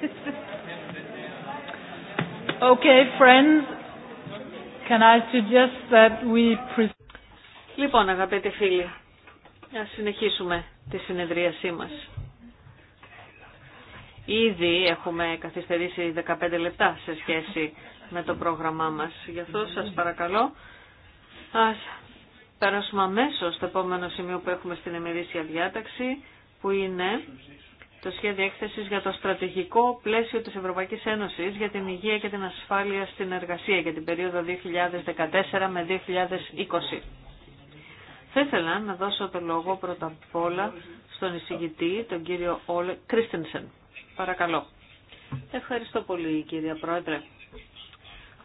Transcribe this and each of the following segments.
Okay, friends, can I suggest that we... Λοιπόν, αγαπητοί φίλοι, να συνεχίσουμε τη συνεδρίασή μας. Ήδη έχουμε καθυστερήσει 15 λεπτά σε σχέση με το πρόγραμμά μας. Γι' αυτό σας παρακαλώ, ας περάσουμε αμέσως στο επόμενο σημείο που έχουμε στην εμερήσια διάταξη, που είναι το σχέδιο έκθεσης για το στρατηγικό πλαίσιο της Ευρωπαϊκής Ένωσης για την υγεία και την ασφάλεια στην εργασία για την περίοδο 2014 με 2020. Θα ήθελα να δώσω το λόγο πρώτα απ' όλα στον εισηγητή, τον κύριο Όλε Κρίστενσεν. Παρακαλώ. Ευχαριστώ πολύ κύριε Πρόεδρε.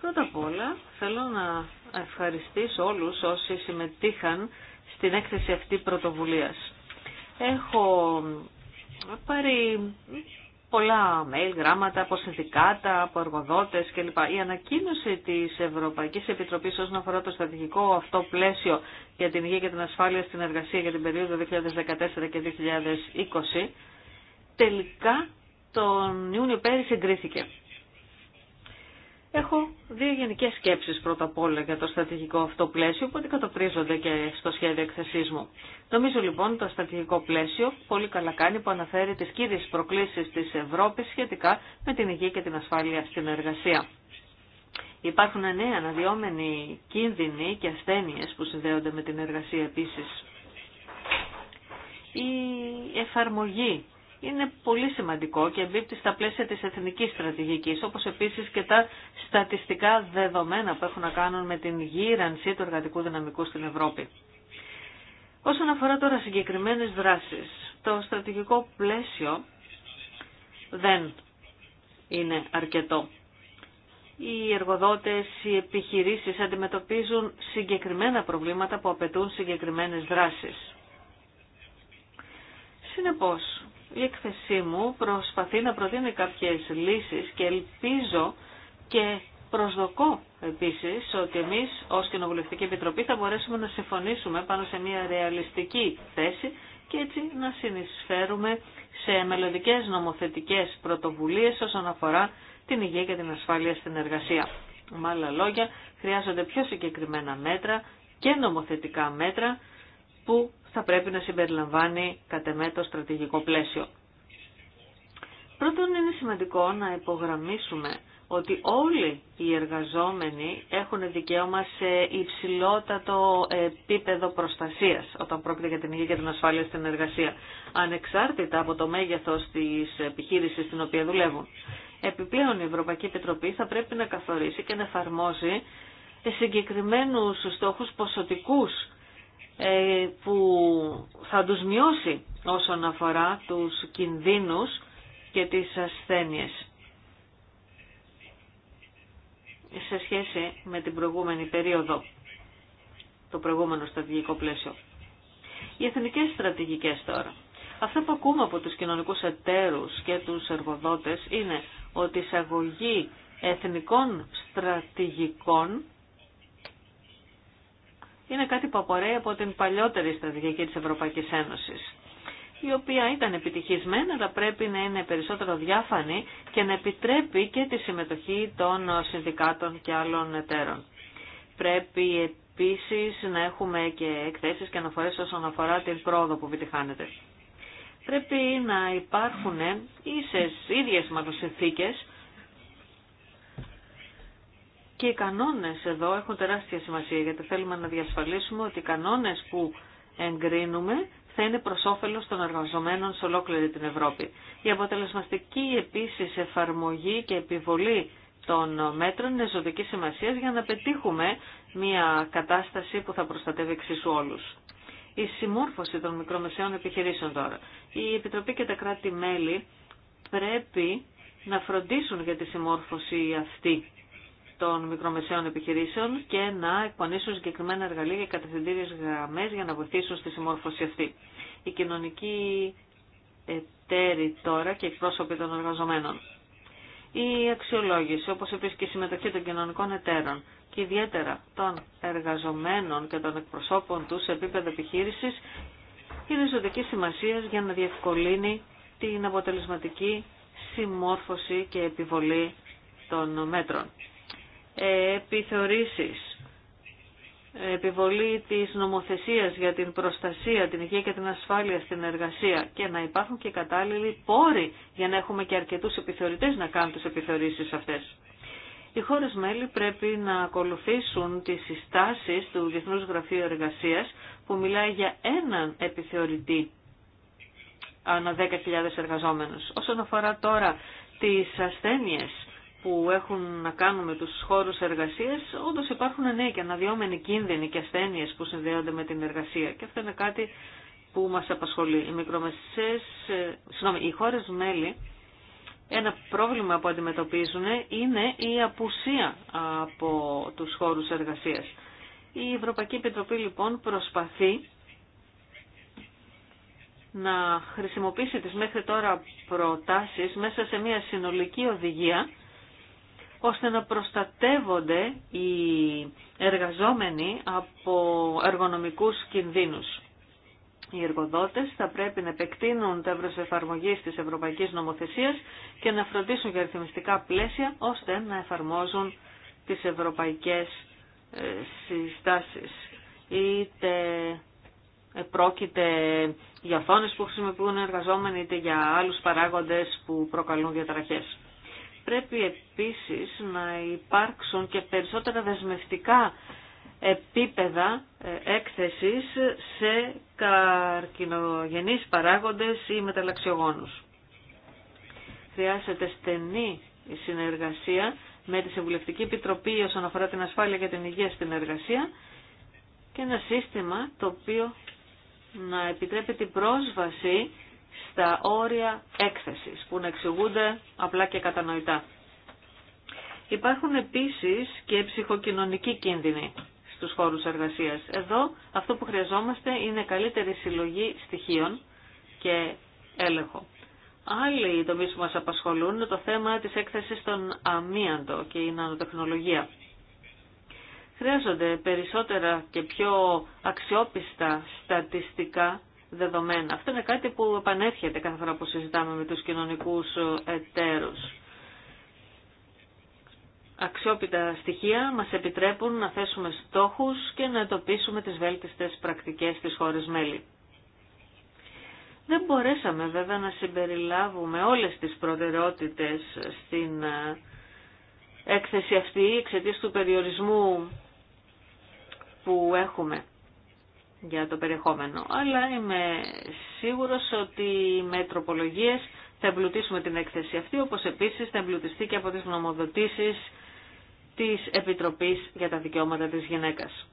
Πρώτα απ' όλα θέλω να ευχαριστήσω όλους όσοι συμμετείχαν στην έκθεση αυτή πρωτοβουλίας. Έχω πάρει πολλά mail, γράμματα από συνδικάτα, από εργοδότε κλπ. Η ανακοίνωση τη Ευρωπαϊκή Επιτροπή όσον αφορά το στρατηγικό αυτό πλαίσιο για την υγεία και την ασφάλεια στην εργασία για την περίοδο 2014 και 2020 τελικά τον Ιούνιο πέρυσι εγκρίθηκε. Έχω δύο γενικές σκέψεις πρώτα απ' όλα για το στρατηγικό αυτό πλαίσιο που αντικατοπτρίζονται και στο σχέδιο εκθεσής μου. Νομίζω λοιπόν το στρατηγικό πλαίσιο πολύ καλά κάνει που αναφέρει τις κύριες προκλήσεις της Ευρώπης σχετικά με την υγεία και την ασφάλεια στην εργασία. Υπάρχουν νέα αναδυόμενοι κίνδυνοι και ασθένειες που συνδέονται με την εργασία επίσης. Η εφαρμογή είναι πολύ σημαντικό και εμπίπτει στα πλαίσια της εθνικής στρατηγικής, όπως επίσης και τα στατιστικά δεδομένα που έχουν να κάνουν με την γύρανση του εργατικού δυναμικού στην Ευρώπη. Όσον αφορά τώρα συγκεκριμένες δράσεις, το στρατηγικό πλαίσιο δεν είναι αρκετό. Οι εργοδότες, οι επιχειρήσεις αντιμετωπίζουν συγκεκριμένα προβλήματα που απαιτούν συγκεκριμένες δράσεις. Συνεπώς, η έκθεσή μου προσπαθεί να προτείνει κάποιες λύσεις και ελπίζω και προσδοκώ επίσης ότι εμείς ως Κοινοβουλευτική Επιτροπή θα μπορέσουμε να συμφωνήσουμε πάνω σε μια ρεαλιστική θέση και έτσι να συνεισφέρουμε σε μελλοντικέ νομοθετικές πρωτοβουλίες όσον αφορά την υγεία και την ασφάλεια στην εργασία. Με άλλα λόγια, χρειάζονται πιο συγκεκριμένα μέτρα και νομοθετικά μέτρα που θα πρέπει να συμπεριλαμβάνει κατ' εμέ το στρατηγικό πλαίσιο. Πρώτον είναι σημαντικό να υπογραμμίσουμε ότι όλοι οι εργαζόμενοι έχουν δικαίωμα σε υψηλότατο επίπεδο προστασίας όταν πρόκειται για την υγεία και την ασφάλεια στην εργασία, ανεξάρτητα από το μέγεθος της επιχείρησης στην οποία δουλεύουν. Επιπλέον η Ευρωπαϊκή Επιτροπή θα πρέπει να καθορίσει και να εφαρμόζει συγκεκριμένους στόχους ποσοτικούς ε, που θα τους μειώσει όσον αφορά τους κινδύνους και τις ασθένειες σε σχέση με την προηγούμενη περίοδο, το προηγούμενο στρατηγικό πλαίσιο. Οι εθνικές στρατηγικές τώρα. Αυτό που ακούμε από τους κοινωνικούς εταίρους και τους εργοδότες είναι ότι η εισαγωγή εθνικών στρατηγικών είναι κάτι που απορρέει από την παλιότερη στρατηγική της Ευρωπαϊκής Ένωσης η οποία ήταν επιτυχισμένη, αλλά πρέπει να είναι περισσότερο διάφανη και να επιτρέπει και τη συμμετοχή των συνδικάτων και άλλων εταίρων. Πρέπει επίσης να έχουμε και εκθέσεις και αναφορές όσον αφορά την πρόοδο που επιτυχάνεται. Πρέπει να υπάρχουν ίσες, ίδιες μάλλον και οι κανόνες εδώ έχουν τεράστια σημασία γιατί θέλουμε να διασφαλίσουμε ότι οι κανόνες που εγκρίνουμε θα είναι προ όφελο των εργαζομένων σε ολόκληρη την Ευρώπη. Η αποτελεσματική επίσης εφαρμογή και επιβολή των μέτρων είναι ζωτική σημασία για να πετύχουμε μια κατάσταση που θα προστατεύει εξίσου όλου. Η συμμόρφωση των μικρομεσαίων επιχειρήσεων τώρα. Η Επιτροπή και τα κράτη-μέλη πρέπει να φροντίσουν για τη συμμόρφωση αυτή των μικρομεσαίων επιχειρήσεων και να εκπονήσουν συγκεκριμένα εργαλεία και κατευθυντήριε γραμμέ για να βοηθήσουν στη συμμόρφωση αυτή. Η κοινωνική εταίροι τώρα και εκπρόσωποι των εργαζομένων. Η αξιολόγηση, όπως επίσης και η συμμετοχή των κοινωνικών εταίρων και ιδιαίτερα των εργαζομένων και των εκπροσώπων του σε επίπεδο επιχείρηση είναι ζωτική σημασία για να διευκολύνει την αποτελεσματική συμμόρφωση και επιβολή των μέτρων επιθεωρήσεις, επιβολή της νομοθεσίας για την προστασία, την υγεία και την ασφάλεια στην εργασία και να υπάρχουν και κατάλληλοι πόροι για να έχουμε και αρκετούς επιθεωρητές να κάνουν τις επιθεωρήσεις αυτές. Οι χώρες μέλη πρέπει να ακολουθήσουν τις συστάσεις του Διεθνούς Γραφείου Εργασίας που μιλάει για έναν επιθεωρητή ανά 10.000 εργαζόμενους. Όσον αφορά τώρα τις ασθένειες που έχουν να κάνουν με τους χώρους εργασίας, όντως υπάρχουν νέοι και αναδυόμενοι κίνδυνοι και ασθένειες που συνδέονται με την εργασία. Και αυτό είναι κάτι που μας απασχολεί. Οι, μικρομεσές, ε, συγνώμη, οι χώρες μέλη, ένα πρόβλημα που αντιμετωπίζουν είναι η απουσία από τους χώρους εργασίας. Η Ευρωπαϊκή Επιτροπή λοιπόν προσπαθεί να χρησιμοποιήσει τις μέχρι τώρα προτάσεις μέσα σε μια συνολική οδηγία ώστε να προστατεύονται οι εργαζόμενοι από εργονομικούς κινδύνους. Οι εργοδότες θα πρέπει να επεκτείνουν τα ευρωσεφαρμογή της Ευρωπαϊκής Νομοθεσίας και να φροντίσουν για ρυθμιστικά πλαίσια ώστε να εφαρμόζουν τις ευρωπαϊκές ε, συστάσεις. Είτε πρόκειται για φόνες που χρησιμοποιούν εργαζόμενοι είτε για άλλους παράγοντες που προκαλούν διαταραχές. Πρέπει επίσης να υπάρξουν και περισσότερα δεσμευτικά επίπεδα ε, έκθεσης σε καρκινογενείς παράγοντες ή μεταλλαξιογόνους. Χρειάζεται στενή συνεργασία με τη Συμβουλευτική Επιτροπή όσον αφορά την ασφάλεια και την υγεία στην εργασία και ένα σύστημα το οποίο να επιτρέπει την πρόσβαση στα όρια έκθεσης που να εξηγούνται απλά και κατανοητά. Υπάρχουν επίσης και ψυχοκοινωνικοί κίνδυνοι στους χώρους εργασίας. Εδώ αυτό που χρειαζόμαστε είναι καλύτερη συλλογή στοιχείων και έλεγχο. Άλλοι τομείς που μας απασχολούν είναι το θέμα της έκθεσης των αμίαντο και η νανοτεχνολογία. Χρειάζονται περισσότερα και πιο αξιόπιστα στατιστικά δεδομένα. Αυτό είναι κάτι που επανέρχεται κάθε φορά που συζητάμε με τους κοινωνικούς ε, εταίρους. Αξιόπιτα στοιχεία μας επιτρέπουν να θέσουμε στόχους και να εντοπίσουμε τις βέλτιστες πρακτικές στις χώρες μέλη. Δεν μπορέσαμε βέβαια να συμπεριλάβουμε όλες τις προτεραιότητες στην ε, έκθεση αυτή εξαιτίας του περιορισμού που έχουμε για το περιεχόμενο. Αλλά είμαι σίγουρος ότι με τροπολογίες θα εμπλουτίσουμε την έκθεση αυτή, όπως επίσης θα εμπλουτιστεί και από τις νομοδοτήσεις της Επιτροπής για τα Δικαιώματα της Γυναίκας.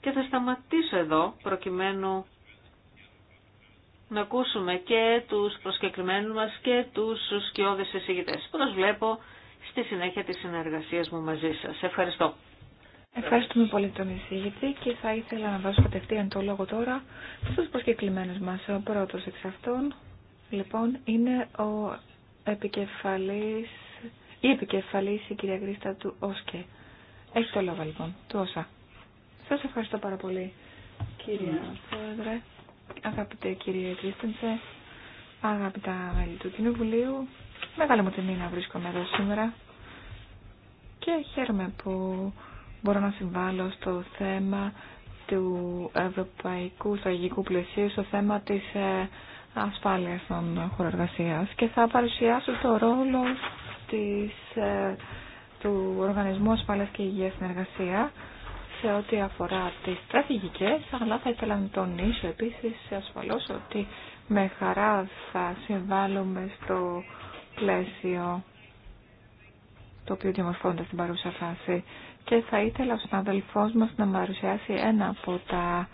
Και θα σταματήσω εδώ, προκειμένου να ακούσουμε και τους προσκεκριμένους μας και τους σκιώδες εισηγητές. Προσβλέπω στη συνέχεια της συνεργασίας μου μαζί σας. Ευχαριστώ. Ευχαριστούμε πολύ τον εισηγητή και θα ήθελα να δώσω κατευθείαν το λόγο τώρα στους προσκεκλημένους μας. Ο πρώτος εξ αυτών, λοιπόν, είναι ο επικεφαλής, η επικεφαλής η κυρία Γκρίστα του ΟΣΚΕ. Έχει το λόγο λοιπόν, του Όσα. Σας ευχαριστώ πάρα πολύ, κυρία Πρόεδρε, αγαπητέ κύριε Κρίστενσε, αγαπητά μέλη του Κοινοβουλίου. Μεγάλη μου τιμή να βρίσκομαι εδώ σήμερα και χαίρομαι που μπορώ να συμβάλλω στο θέμα του ευρωπαϊκού στρατηγικού πλαισίου, στο θέμα της ε, ασφάλειας των χώρων και θα παρουσιάσω το ρόλο της, ε, του Οργανισμού Ασφάλειας και Υγείας στην Εργασία σε ό,τι αφορά τις στρατηγικές, αλλά θα ήθελα να τονίσω επίσης ασφαλώς ότι με χαρά θα συμβάλλουμε στο πλαίσιο το οποίο διαμορφώνεται στην παρούσα φάση και θα ήθελα ο συναδελφός μας να παρουσιάσει ένα από τα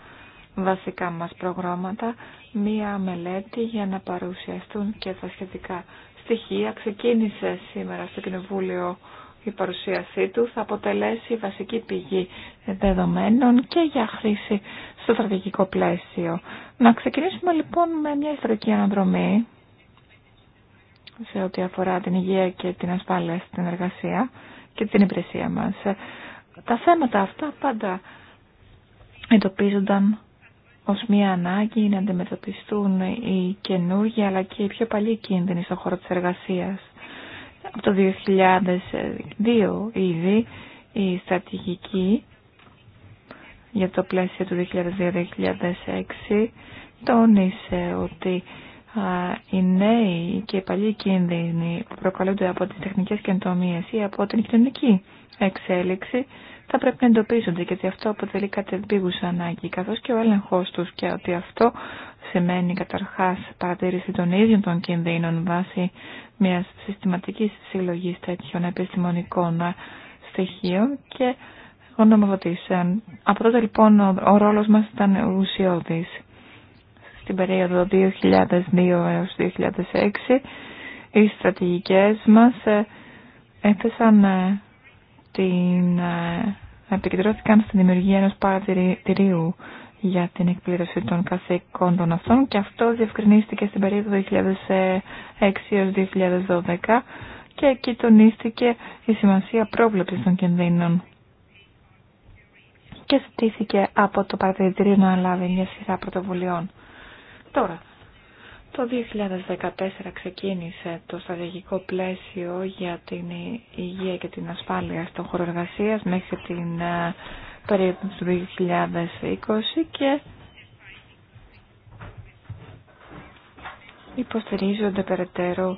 βασικά μας προγράμματα, μία μελέτη για να παρουσιαστούν και τα σχετικά στοιχεία. Ξεκίνησε σήμερα στο Κοινοβούλιο η παρουσίασή του, θα αποτελέσει βασική πηγή δεδομένων και για χρήση στο στρατηγικό πλαίσιο. Να ξεκινήσουμε λοιπόν με μια ιστορική αναδρομή σε ό,τι αφορά την υγεία και την ασφάλεια στην εργασία και την υπηρεσία μας. Τα θέματα αυτά πάντα εντοπίζονταν ως μια ανάγκη να αντιμετωπιστούν οι καινούργοι αλλά και οι πιο παλιοί κίνδυνοι στον χώρο της εργασίας. Από το 2002 ήδη η στρατηγική για το πλαίσιο του 2002-2006 τόνισε ότι οι νέοι και οι παλιοί κίνδυνοι που προκαλούνται από τις τεχνικές καινοτομίες ή από την κοινωνική εξέλιξη θα πρέπει να εντοπίζονται γιατί αυτό αποτελεί κατεμπίγουσα ανάγκη καθώς και ο έλεγχος τους και ότι αυτό σημαίνει καταρχάς παρατήρηση των ίδιων των κινδύνων βάσει μιας συστηματικής συλλογής τέτοιων επιστημονικών στοιχείων και γνωμοδοτήσεων. Από τότε λοιπόν ο ρόλος μας ήταν ουσιώδης στην περίοδο 2002 έως 2006 οι στρατηγικές μας ε, έθεσαν ε, την, ε, επικεντρώθηκαν στη δημιουργία ενός παρατηρίου για την εκπλήρωση των καθήκοντων αυτών και αυτό διευκρινίστηκε στην περίοδο 2006 έως 2012 και εκεί τονίστηκε η σημασία πρόβλεψης των κινδύνων και στήθηκε από το παρατηρητήριο να λάβει μια σειρά πρωτοβουλειών. Τώρα, το 2014 ξεκίνησε το στρατηγικό πλαίσιο για την υγεία και την ασφάλεια στον χώρο εργασία μέχρι την ε, περίοδο του 2020 και υποστηρίζονται περαιτέρω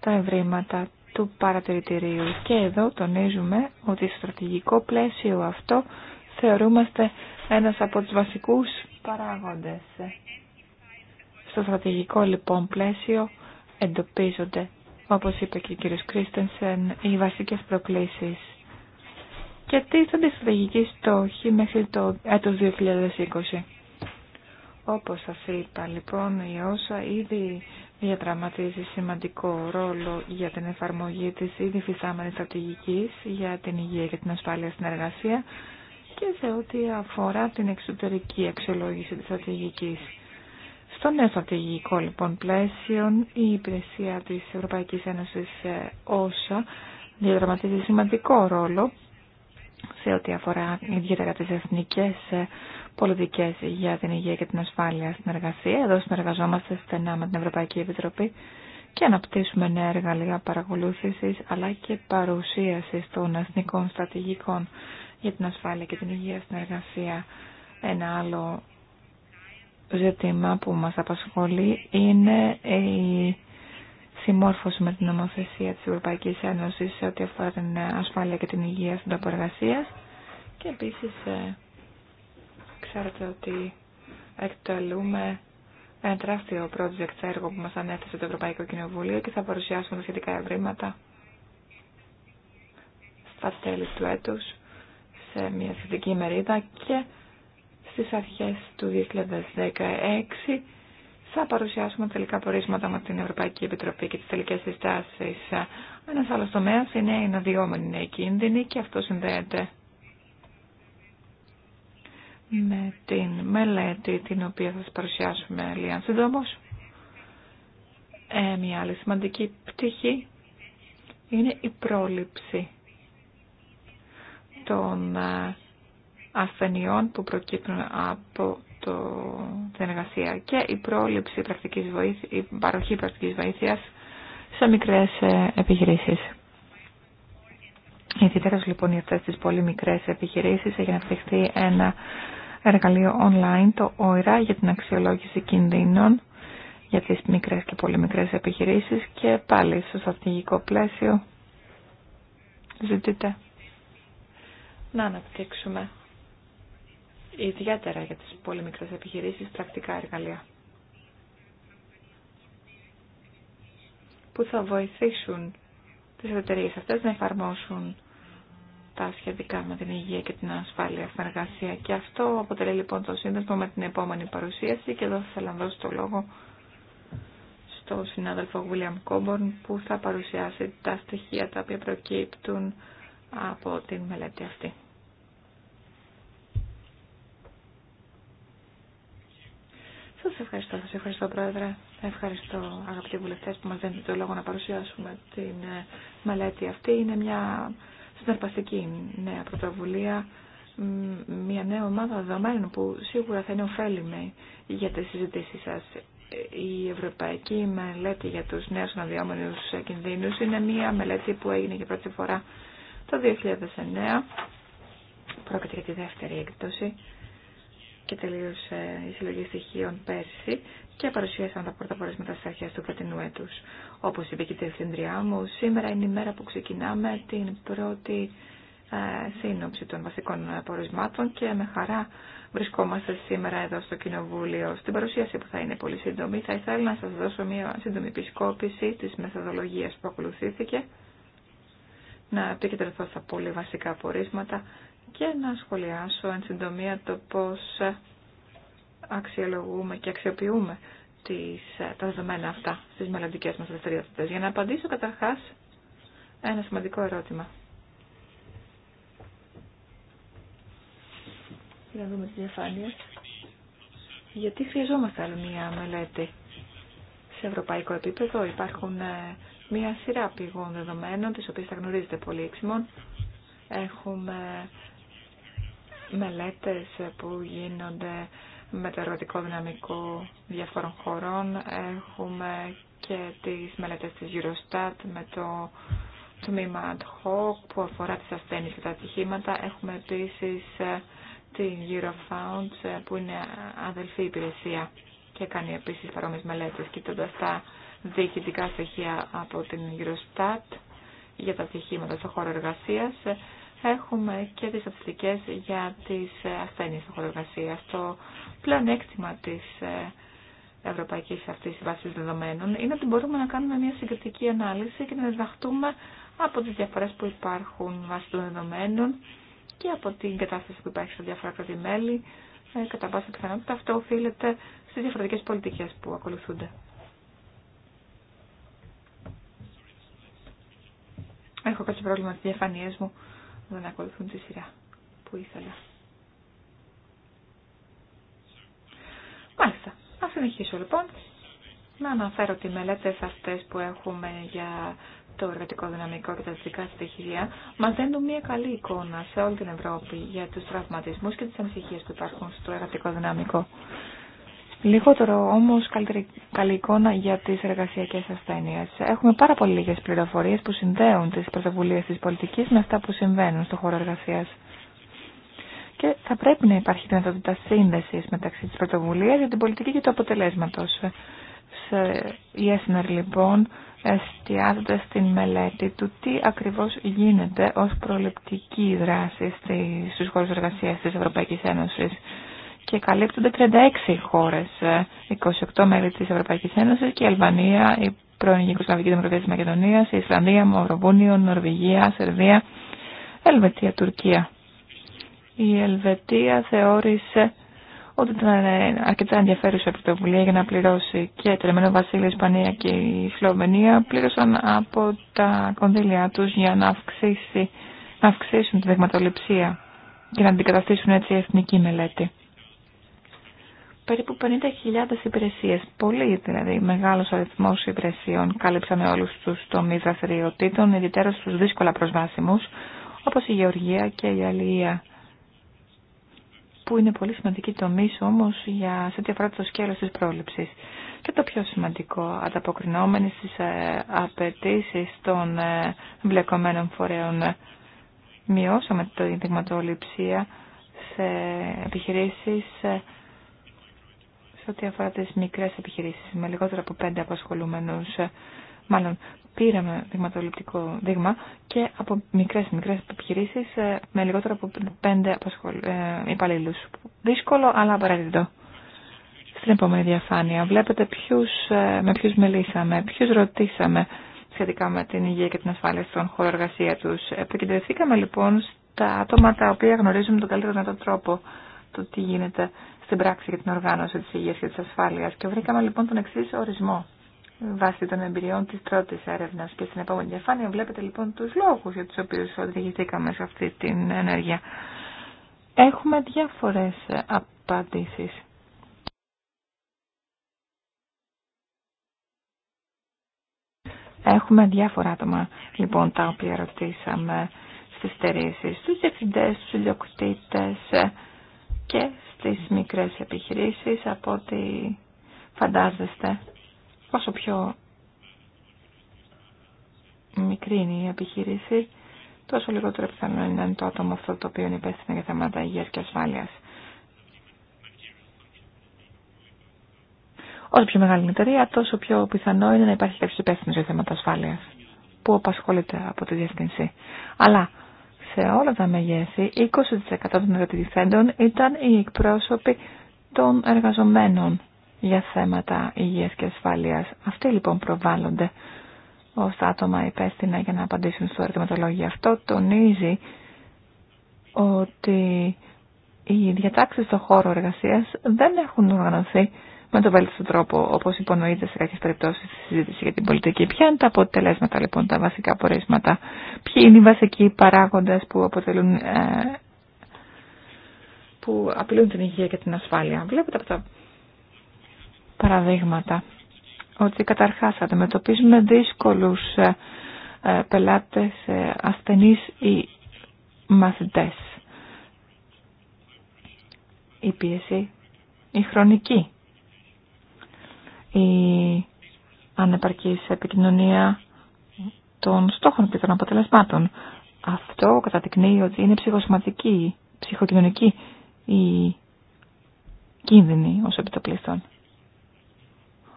τα ευρήματα του παρατηρητηρίου. Και εδώ τονίζουμε ότι στο στρατηγικό πλαίσιο αυτό θεωρούμαστε ένας από τους βασικούς παράγοντες στο στρατηγικό λοιπόν πλαίσιο εντοπίζονται, όπως είπε και ο κύριος Κρίστενσεν, οι βασικές προκλήσεις. Και τι οι στρατηγικοί στόχοι μέχρι το έτος 2020. Όπως σας είπα λοιπόν η όσα ήδη διατραματίζει σημαντικό ρόλο για την εφαρμογή της ήδη φυσάμενης στρατηγικής για την υγεία και την ασφάλεια στην εργασία και σε ό,τι αφορά την εξωτερική αξιολόγηση της στρατηγικής. Στο νέο στρατηγικό λοιπόν πλαίσιο, η υπηρεσία της Ευρωπαϊκής Ένωσης ε, όσα διαδραματίζει σημαντικό ρόλο σε ό,τι αφορά ιδιαίτερα τις εθνικές ε, πολιτικές για την υγεία και την ασφάλεια στην εργασία. Εδώ συνεργαζόμαστε στενά με την Ευρωπαϊκή Επιτροπή και αναπτύσσουμε νέα εργαλεία παρακολούθησης αλλά και παρουσίασης των εθνικών στρατηγικών για την ασφάλεια και την υγεία στην εργασία. Ένα άλλο ζήτημα που μας απασχολεί είναι η συμμόρφωση με την νομοθεσία της Ευρωπαϊκής Ένωσης σε ό,τι αφορά την ασφάλεια και την υγεία των τόπο Και επίσης ε, ξέρετε ότι εκτελούμε ένα τεράστιο project έργο που μας ανέθεσε το Ευρωπαϊκό Κοινοβούλιο και θα παρουσιάσουμε τα σχετικά ευρήματα στα τέλη του έτους σε μια σχετική μερίδα και στις αρχές του 2016 θα παρουσιάσουμε τελικά πορίσματα με την Ευρωπαϊκή Επιτροπή και τις τελικές συστάσεις. Ένας άλλος τομέας είναι η αναδυόμενοι νέοι κίνδυνοι και αυτό συνδέεται με την μελέτη την οποία θα σας παρουσιάσουμε λίγαν συντόμως. Ε, μια άλλη σημαντική πτυχή είναι η πρόληψη των ε, ασθενειών που προκύπτουν από το, την εργασία και η πρόληψη πρακτικής βοήθειας, η παροχή πρακτικής βοήθειας σε μικρές ε, επιχειρήσεις. Ιδιαίτερα λοιπόν για αυτές τις πολύ μικρές επιχειρήσεις έχει αναπτυχθεί ένα εργαλείο online, το OIRA, για την αξιολόγηση κινδύνων για τις μικρές και πολύ μικρές επιχειρήσεις και πάλι στο στρατηγικό πλαίσιο ζητείτε να αναπτύξουμε ιδιαίτερα για τις πολύ μικρές επιχειρήσεις πρακτικά εργαλεία που θα βοηθήσουν τις εταιρείε αυτές να εφαρμόσουν τα σχετικά με την υγεία και την ασφάλεια στην εργασία. Και αυτό αποτελεί λοιπόν το σύνδεσμο με την επόμενη παρουσίαση και εδώ θα ήθελα να δώσω το λόγο στον συνάδελφο William Κόμπορν που θα παρουσιάσει τα στοιχεία τα οποία προκύπτουν από την μελέτη αυτή. Σα ευχαριστώ, Σα ευχαριστώ Πρόεδρε. Ευχαριστώ αγαπητοί βουλευτές που μα δίνετε το λόγο να παρουσιάσουμε την ε, μελέτη αυτή. Είναι μια συναρπαστική νέα πρωτοβουλία, μια νέα ομάδα δεδομένων που σίγουρα θα είναι ωφέλιμη για τις συζητήσει σα. Η Ευρωπαϊκή Μελέτη για του νέου Αναδυόμενου Κινδύνου είναι μια μελέτη που έγινε για πρώτη φορά το 2009. Πρόκειται για τη δεύτερη έκδοση και τελείωσε η συλλογή στοιχείων πέρσι και παρουσίασαν τα πρώτα πορίσματα στι αρχέ του φετινού έτου. Όπω είπε και η διευθυντριά μου, σήμερα είναι η μέρα που ξεκινάμε την πρώτη ε, σύνοψη των βασικών πορισμάτων και με χαρά βρισκόμαστε σήμερα εδώ στο Κοινοβούλιο. Στην παρουσίαση που θα είναι πολύ σύντομη, θα ήθελα να σα δώσω μια σύντομη επισκόπηση τη μεθοδολογία που ακολουθήθηκε, να επικεντρωθώ στα πολύ βασικά πορίσματα και να σχολιάσω εν συντομία το πώς αξιολογούμε και αξιοποιούμε τις, ε, τα δεδομένα αυτά στις μελλοντικέ μας δραστηριότητε. Για να απαντήσω καταρχάς ένα σημαντικό ερώτημα. Για να δούμε τις διαφάνειες. Γιατί χρειαζόμαστε άλλη μία μελέτη σε ευρωπαϊκό επίπεδο. Υπάρχουν ε, μία σειρά πηγών δεδομένων, τις οποίες θα γνωρίζετε πολύ εξημών. Έχουμε μελέτες που γίνονται με το ερωτικό δυναμικό διαφόρων χωρών. Έχουμε και τις μελέτες της Eurostat με το τμήμα ad hoc που αφορά τις ασθένειες και τα ατυχήματα. Έχουμε επίσης ε, την Eurofound ε, που είναι αδελφή υπηρεσία και κάνει επίσης παρόμοιες μελέτες κοιτώντα τα διοικητικά στοιχεία από την Eurostat για τα ατυχήματα στο χώρο εργασίας έχουμε και τις στατιστικές για τις ε, ασθένειες στον χωροεργασία. Το Το πλεονέκτημα της ε, ευρωπαϊκής αυτής βάσης δεδομένων είναι ότι μπορούμε να κάνουμε μια συγκριτική ανάλυση και να διδαχτούμε από τις διαφορές που υπάρχουν βάσει των δεδομένων και από την κατάσταση που υπάρχει στα διάφορα κρατημέλη. Ε, κατά πάσα πιθανότητα αυτό οφείλεται στις διαφορετικές πολιτικές που ακολουθούνται. Έχω κάποιο πρόβλημα με διαφανίες μου δεν ακολουθούν τη σειρά που ήθελα. Μάλιστα. Ας συνεχίσω λοιπόν να αναφέρω τι μελέτες αυτές που έχουμε για το εργατικό δυναμικό και τα δυτικά στοιχεία μας δίνουν μια καλή εικόνα σε όλη την Ευρώπη για τους τραυματισμούς και τις ανησυχίες που υπάρχουν στο εργατικό δυναμικό. Λιγότερο όμω, καλύτερη, καλή εικόνα για τι εργασιακέ ασθένειε. Έχουμε πάρα πολύ λίγε πληροφορίε που συνδέουν τι πρωτοβουλίε τη πολιτική με αυτά που συμβαίνουν στον χώρο εργασία. Και θα πρέπει να υπάρχει δυνατότητα σύνδεση μεταξύ τη πρωτοβουλία για την πολιτική και του αποτελέσματο. Σε Ιέσνερ, λοιπόν εστιάζεται στην μελέτη του τι ακριβώ γίνεται ω προληπτική δράση στου χώρου εργασία τη Ευρωπαϊκή Ένωση και καλύπτονται 36 χώρες, 28 ε, μέλη της Ευρωπαϊκής Ένωσης και η Αλβανία, η πρώην Ιγκοσλαβική Δημοκρατία της Μακεδονίας, η Ισλανδία, η Νορβηγία, Σερβία, Ελβετία, Τουρκία. Η Ελβετία θεώρησε ότι ήταν αρκετά ενδιαφέρουσα πρωτοβουλία για να πληρώσει και το βασίλεια Βασίλειο, Ισπανία και η Σλοβενία πλήρωσαν από τα κονδύλια τους για να, αυξήσει, να αυξήσουν τη δεγματοληψία και να αντικαταστήσουν έτσι η εθνική μελέτη περίπου 50.000 υπηρεσίες. Πολύ δηλαδή μεγάλος αριθμός υπηρεσιών κάλυψαμε όλους τους τομείς δραστηριοτήτων, ιδιαίτερα στους δύσκολα προσβάσιμους, όπως η γεωργία και η αλληλεία, που είναι πολύ σημαντική τομής όμως για, σε διαφορά αφορά το σκέλος της πρόληψης. Και το πιο σημαντικό, ανταποκρινόμενοι στις ε, απαιτήσει των ε, φορέων, μειώσαμε την δειγματοληψία σε επιχειρήσεις ε, σε ό,τι αφορά τι μικρές επιχειρήσεις με λιγότερο από πέντε απασχολούμενους ε, μάλλον πήραμε δειγματοληπτικό δείγμα και από μικρές μικρές επιχειρήσεις ε, με λιγότερο από πέντε απασχολ... Ε, υπαλλήλους. Δύσκολο αλλά απαραίτητο. Στην επόμενη διαφάνεια βλέπετε ποιους, με ποιου μιλήσαμε, ποιους ρωτήσαμε σχετικά με την υγεία και την ασφάλεια στον χώρο εργασία τους. Επικεντρωθήκαμε λοιπόν στα άτομα τα οποία γνωρίζουν τον καλύτερο δυνατό τρόπο το τι γίνεται στην πράξη για την οργάνωση της υγείας και της ασφάλειας και βρήκαμε λοιπόν τον εξή ορισμό βάσει των εμπειριών της πρώτης έρευνας και στην επόμενη διαφάνεια βλέπετε λοιπόν τους λόγους για τους οποίους οδηγηθήκαμε σε αυτή την ενέργεια. Έχουμε διάφορες απαντήσεις. Έχουμε διάφορα άτομα λοιπόν τα οποία ρωτήσαμε στις στερήσεις, στους διευθυντές, στους ιδιοκτήτες και στις μικρές επιχειρήσεις από ό,τι φαντάζεστε. Όσο πιο μικρή είναι η επιχείρηση, τόσο λιγότερο πιθανό είναι το άτομο αυτό το οποίο είναι υπεύθυνο για θέματα υγείας και ασφάλειας. Όσο πιο μεγάλη είναι η εταιρεία, τόσο πιο πιθανό είναι να υπάρχει κάποιο υπεύθυνο για θέματα ασφάλεια που απασχολείται από τη διευθυνσή. Αλλά σε όλα τα μεγέθη 20% των ερωτηθέντων ήταν οι εκπρόσωποι των εργαζομένων για θέματα υγείας και ασφάλειας. Αυτοί λοιπόν προβάλλονται ως άτομα υπεύθυνα για να απαντήσουν στο ερωτηματολόγιο. Αυτό τονίζει ότι οι διατάξεις στον χώρο εργασίας δεν έχουν οργανωθεί με τον βέλτιστο τρόπο, όπω υπονοείται σε κάποιε περιπτώσει στη συζήτηση για την πολιτική. Ποια είναι τα αποτελέσματα λοιπόν, τα βασικά απορίσματα, ποιοι είναι οι βασικοί παράγοντε που αποτελούν. Ε, που απειλούν την υγεία και την ασφάλεια. Βλέπετε από τα παραδείγματα ότι καταρχάς αντιμετωπίζουμε δύσκολους ε, ε, πελάτες, ασθενείς ή μαθητές. Η πίεση, η χρονική η ανεπαρκής επικοινωνία των στόχων και των αποτελεσμάτων. Αυτό καταδεικνύει ότι είναι ψυχοσωματική, ψυχοκοινωνική η κίνδυνη ως επιτοπλίστων.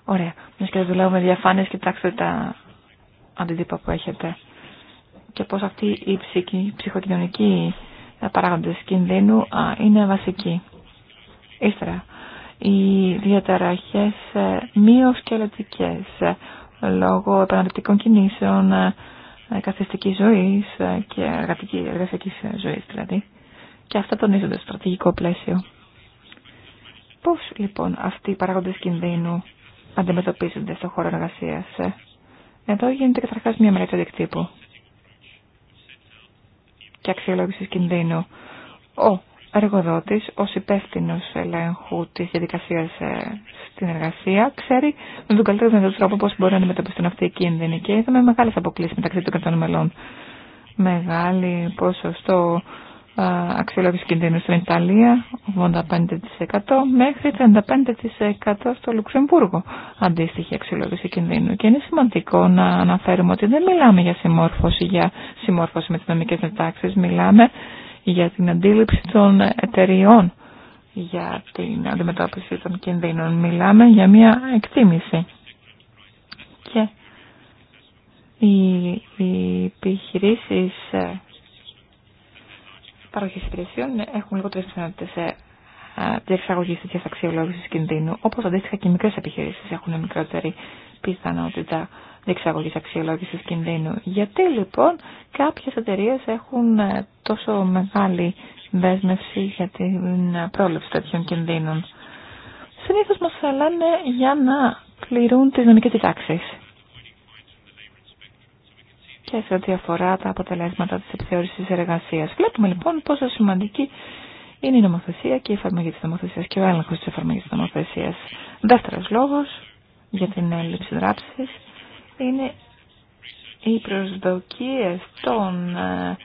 Ωραία. Μια και δουλεύουμε διαφάνειες, κοιτάξτε τα αντιτύπα που έχετε και πώς αυτή η ψυχοκοινωνικοί παράγοντε κινδύνου είναι βασική. Ύστερα, οι διαταραχές ε, μειοσκελετικές ε, λόγω επαναληπτικών κινήσεων ε, καθιστικής ζωής και εργασιακής ζωής δηλαδή. Και αυτά τονίζονται στο στρατηγικό πλαίσιο. Πώς λοιπόν αυτοί οι παράγοντες κινδύνου αντιμετωπίζονται στο χώρο εργασίας. Εδώ γίνεται καταρχάς μια μελέτη αντικτύπου και αξιολόγηση κινδύνου. Ο εργοδότης ως υπεύθυνο ελέγχου της διαδικασίας ε, στην εργασία ξέρει με τον καλύτερο δυνατό τρόπο πώς μπορεί να αντιμετωπιστούν αυτοί οι κίνδυνοι και είδαμε μεγάλες αποκλήσεις μεταξύ των κρατών μελών. Μεγάλη ποσοστό αξιολόγηση κινδύνου στην Ιταλία, 85% μέχρι 35% στο Λουξεμβούργο αντίστοιχη αξιολόγηση κινδύνου. Και είναι σημαντικό να αναφέρουμε ότι δεν μιλάμε για συμμόρφωση, για συμμόρφωση με τις νομικές μετάξεις, μιλάμε για την αντίληψη των εταιριών για την αντιμετώπιση των κινδύνων. Μιλάμε για μια εκτίμηση. Και οι, οι επιχειρήσει ε, παροχή υπηρεσιών έχουν λιγότερε πιθανότητε σε ε, διεξαγωγή τέτοια αξιολόγηση κινδύνου, όπω αντίστοιχα και οι μικρέ επιχειρήσει έχουν μικρότερη πιθανότητα διεξαγωγής αξιολόγησης κινδύνου. Γιατί λοιπόν κάποιες εταιρείε έχουν ε, τόσο μεγάλη δέσμευση για την ε, πρόληψη τέτοιων κινδύνων. Συνήθως μας θέλανε για να πληρούν τις νομικές τάξει. Και σε ό,τι αφορά τα αποτελέσματα της επιθεώρησης εργασίας. Βλέπουμε λοιπόν πόσο σημαντική είναι η νομοθεσία και η εφαρμογή της νομοθεσίας και ο έλεγχος της εφαρμογής της νομοθεσίας. Δεύτερος λόγος για την έλλειψη δράψης είναι οι προσδοκίες των ε,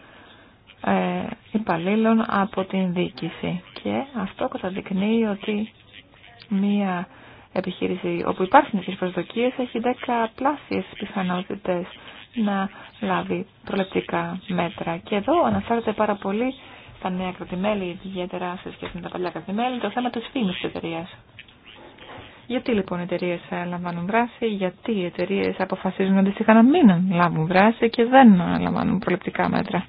ε, υπαλλήλων από την διοίκηση. Και αυτό καταδεικνύει ότι μία επιχείρηση όπου υπάρχουν τις προσδοκίες έχει 10 πλάσιες πιθανότητες να λάβει προλεπτικά μέτρα. Και εδώ αναφέρεται πάρα πολύ στα νέα κρατημέλη, ιδιαίτερα σε σχέση με τα παλιά κρατημέλη, το θέμα της φήμης της εταιρεία. Γιατί λοιπόν οι εταιρείε ε, λαμβάνουν δράση, γιατί οι εταιρείε αποφασίζουν αντίστοιχα να μην λάβουν δράση και δεν ε, λαμβάνουν προληπτικά μέτρα.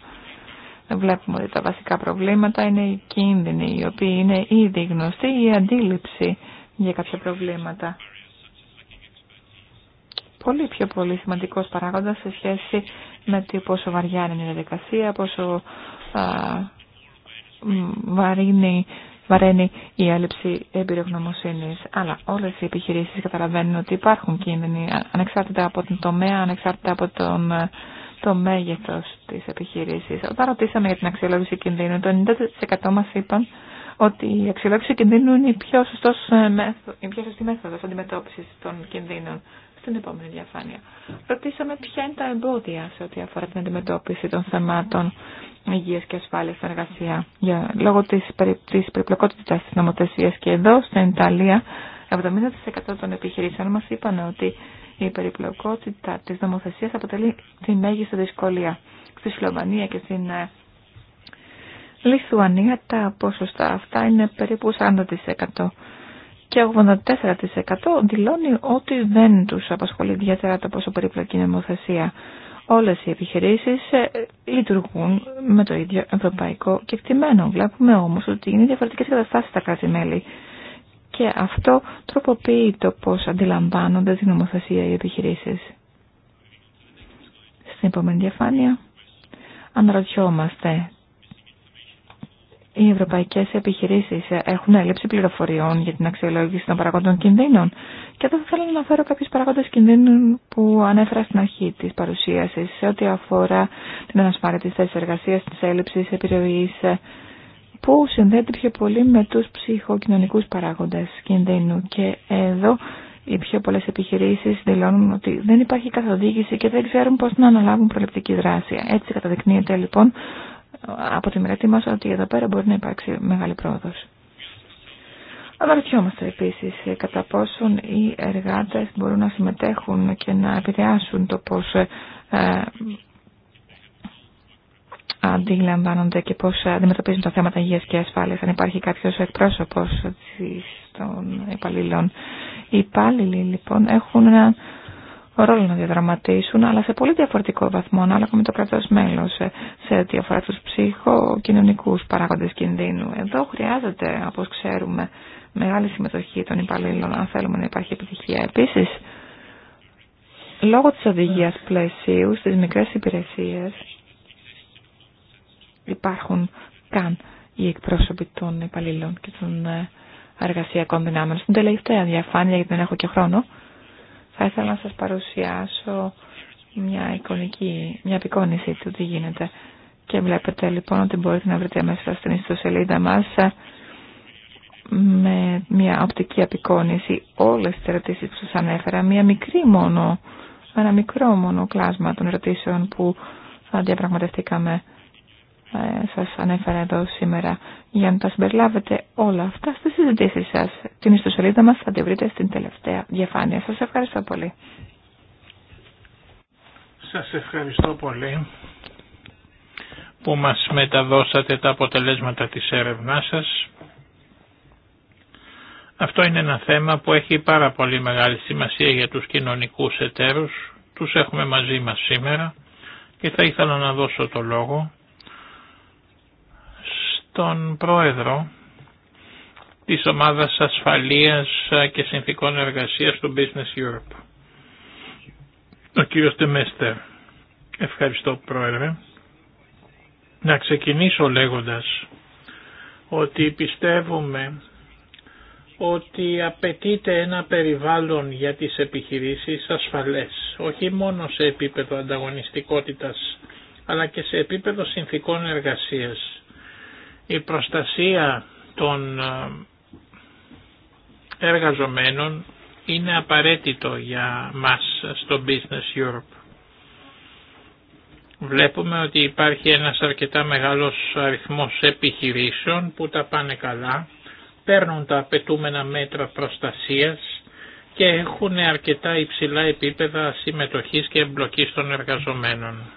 Βλέπουμε ότι τα βασικά προβλήματα είναι οι κίνδυνοι, οι οποίοι είναι ήδη γνωστοί, η αντίληψη για κάποια προβλήματα. Πολύ πιο πολύ σημαντικό παράγοντας σε σχέση με το πόσο βαριά είναι η διαδικασία, πόσο α, βαρύνει βαραίνει η έλλειψη εμπειρογνωμοσύνη. Αλλά όλε οι επιχειρήσει καταλαβαίνουν ότι υπάρχουν κίνδυνοι ανεξάρτητα από τον τομέα, ανεξάρτητα από τον, ε, το μέγεθο τη επιχειρήση. Όταν ρωτήσαμε για την αξιολόγηση κινδύνου, το 90% μα είπαν ότι η αξιολόγηση κινδύνου είναι η πιο, σωστός, ε, η πιο σωστή μέθοδο αντιμετώπιση των κινδύνων. Στην επόμενη διαφάνεια. Ρωτήσαμε ποια είναι τα εμπόδια σε ό,τι αφορά την αντιμετώπιση των θεμάτων υγεία και ασφάλεια στην εργασία. Για, λόγω τη περι, περιπλοκότητα τη νομοθεσία και εδώ στην Ιταλία, 70% των επιχειρήσεων μα είπαν ότι η περιπλοκότητα τη νομοθεσία αποτελεί τη μέγιστη δυσκολία. Στη Σλοβανία και στην ε, Λιθουανία τα ποσοστά αυτά είναι περίπου 40% και 84% δηλώνει ότι δεν τους απασχολεί ιδιαίτερα το πόσο περίπλοκη είναι η νομοθεσία όλες οι επιχειρήσεις ε, λειτουργούν με το ίδιο ευρωπαϊκό κεκτημένο. Βλέπουμε όμως ότι είναι διαφορετικές καταστάσεις στα κράτη-μέλη και αυτό τροποποιεί το πώς αντιλαμβάνονται την νομοθεσία οι επιχειρήσεις. Στην επόμενη διαφάνεια αναρωτιόμαστε οι ευρωπαϊκέ επιχειρήσει έχουν έλλειψη πληροφοριών για την αξιολόγηση των παραγόντων κινδύνων. Και εδώ θα ήθελα να αναφέρω κάποιους παράγοντε κινδύνων που ανέφερα στην αρχή τη παρουσίαση, σε ό,τι αφορά την ανασφάλεια τη θέση εργασίας, της έλλειψης επιρροή που συνδέεται πιο πολύ με του ψυχοκοινωνικού παράγοντες κινδύνου. Και εδώ οι πιο πολλέ επιχειρήσει δηλώνουν ότι δεν υπάρχει καθοδήγηση και δεν ξέρουν πώ να αναλάβουν προληπτική δράση. Έτσι καταδεικνύεται λοιπόν από τη μελέτη μας ότι εδώ πέρα μπορεί να υπάρξει μεγάλη πρόοδος. Αναρωτιόμαστε επίσης ε, κατά πόσον οι εργάτες μπορούν να συμμετέχουν και να επηρεάσουν το πώς ε, ε, αντιλαμβάνονται και πώς αντιμετωπίζουν τα θέματα υγείας και ασφάλειας. Αν υπάρχει κάποιος εκπρόσωπος ε, των υπαλλήλων. Οι υπάλληλοι λοιπόν έχουν ένα ρόλο να διαδραματίσουν, αλλά σε πολύ διαφορετικό βαθμό, ανάλογα με το κρατό μέλο, σε, σε ό,τι αφορά του ψυχοκοινωνικού παράγοντε κινδύνου. Εδώ χρειάζεται, όπω ξέρουμε, μεγάλη συμμετοχή των υπαλλήλων, αν θέλουμε να υπάρχει επιτυχία. Επίση, λόγω τη οδηγία πλαισίου στι μικρέ υπηρεσίε υπάρχουν καν οι εκπρόσωποι των υπαλλήλων και των ε, εργασιακών δυνάμεων. Στην τελευταία διαφάνεια, γιατί δεν έχω και χρόνο, θα ήθελα να σας παρουσιάσω μια εικονική, μια απεικόνηση του τι γίνεται. Και βλέπετε λοιπόν ότι μπορείτε να βρείτε μέσα στην ιστοσελίδα μας ε, με μια οπτική απεικόνηση όλες τις ερωτήσεις που σας ανέφερα, μια μικρή μόνο, ένα μικρό μόνο κλάσμα των ερωτήσεων που διαπραγματευτήκαμε ε, σας ανέφερα εδώ σήμερα για να τα συμπεριλάβετε όλα αυτά στις συζητήσεις σας. Την ιστοσελίδα μας θα τη βρείτε στην τελευταία διαφάνεια. Σας ευχαριστώ πολύ. Σας ευχαριστώ πολύ που μας μεταδώσατε τα αποτελέσματα της έρευνάς σας. Αυτό είναι ένα θέμα που έχει πάρα πολύ μεγάλη σημασία για τους κοινωνικούς εταίρους. Τους έχουμε μαζί μας σήμερα και θα ήθελα να δώσω το λόγο τον πρόεδρο της ομάδας ασφαλείας και συνθήκων εργασίας του Business Europe. Ο κύριος Τεμέστερ. Ευχαριστώ πρόεδρε. Να ξεκινήσω λέγοντας ότι πιστεύουμε ότι απαιτείται ένα περιβάλλον για τις επιχειρήσεις ασφαλές, όχι μόνο σε επίπεδο ανταγωνιστικότητας, αλλά και σε επίπεδο συνθήκων εργασίας. Η προστασία των ε, εργαζομένων είναι απαραίτητο για μας στο Business Europe. Βλέπουμε ότι υπάρχει ένας αρκετά μεγάλος αριθμός επιχειρήσεων που τα πάνε καλά, παίρνουν τα απαιτούμενα μέτρα προστασίας και έχουν αρκετά υψηλά επίπεδα συμμετοχής και εμπλοκής των εργαζομένων.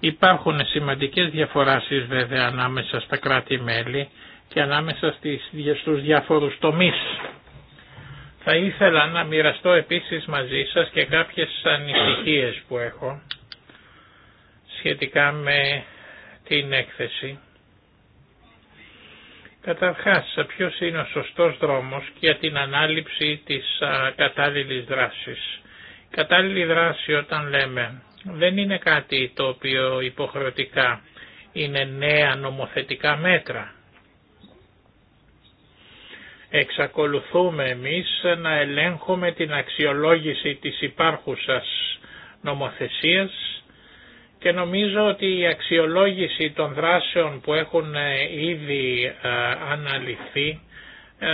Υπάρχουν σημαντικές διαφοράσεις βέβαια ανάμεσα στα κράτη-μέλη και ανάμεσα στους διάφορους τομείς. Θα ήθελα να μοιραστώ επίσης μαζί σας και κάποιες ανησυχίες που έχω σχετικά με την έκθεση. Καταρχάς, ποιος είναι ο σωστός δρόμος για την ανάληψη της κατάλληλης δράσης. Κατάλληλη δράση όταν λέμε δεν είναι κάτι το οποίο υποχρεωτικά είναι νέα νομοθετικά μέτρα. Εξακολουθούμε εμείς να ελέγχουμε την αξιολόγηση της υπάρχουσας νομοθεσίας και νομίζω ότι η αξιολόγηση των δράσεων που έχουν ε, ήδη ε, αναλυθεί ε,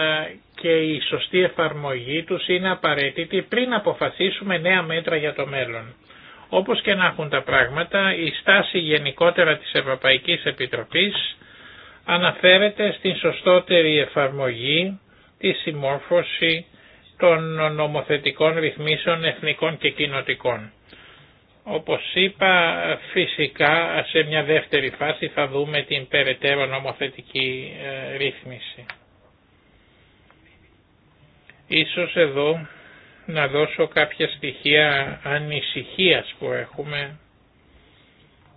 και η σωστή εφαρμογή τους είναι απαραίτητη πριν αποφασίσουμε νέα μέτρα για το μέλλον. Όπως και να έχουν τα πράγματα, η στάση γενικότερα της Ευρωπαϊκής Επιτροπής αναφέρεται στην σωστότερη εφαρμογή, τη συμμόρφωση των νομοθετικών ρυθμίσεων εθνικών και κοινοτικών. Όπως είπα, φυσικά σε μια δεύτερη φάση θα δούμε την περαιτέρω νομοθετική ε, ρύθμιση. Ίσως εδώ να δώσω κάποια στοιχεία ανησυχίας που έχουμε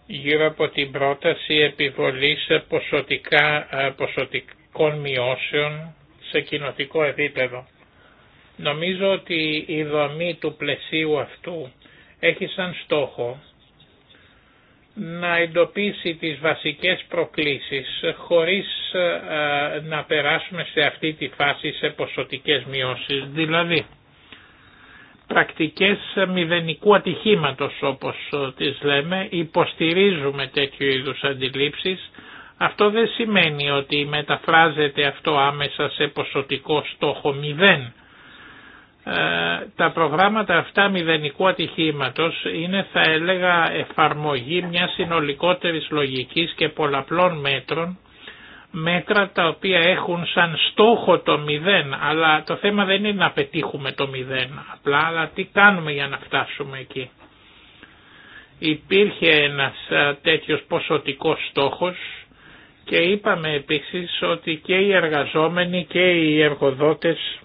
γύρω από την πρόταση επιβολής ποσοτικά, ποσοτικών μειώσεων σε κοινοτικό επίπεδο. Νομίζω ότι η δομή του πλαισίου αυτού έχει σαν στόχο να εντοπίσει τις βασικές προκλήσεις χωρίς να περάσουμε σε αυτή τη φάση σε ποσοτικές μειώσεις. Δηλαδή, πρακτικές μηδενικού ατυχήματος όπως ε, τις λέμε, υποστηρίζουμε τέτοιου είδους αντιλήψεις. Αυτό δεν σημαίνει ότι μεταφράζεται αυτό άμεσα σε ποσοτικό στόχο μηδέν. Ε, τα προγράμματα αυτά μηδενικού ατυχήματος είναι θα έλεγα εφαρμογή μιας συνολικότερης λογικής και πολλαπλών μέτρων μέτρα τα οποία έχουν σαν στόχο το μηδέν, αλλά το θέμα δεν είναι να πετύχουμε το μηδέν απλά, αλλά τι κάνουμε για να φτάσουμε εκεί. Υπήρχε ένας τέτοιος ποσοτικός στόχος και είπαμε επίσης ότι και οι εργαζόμενοι και οι εργοδότες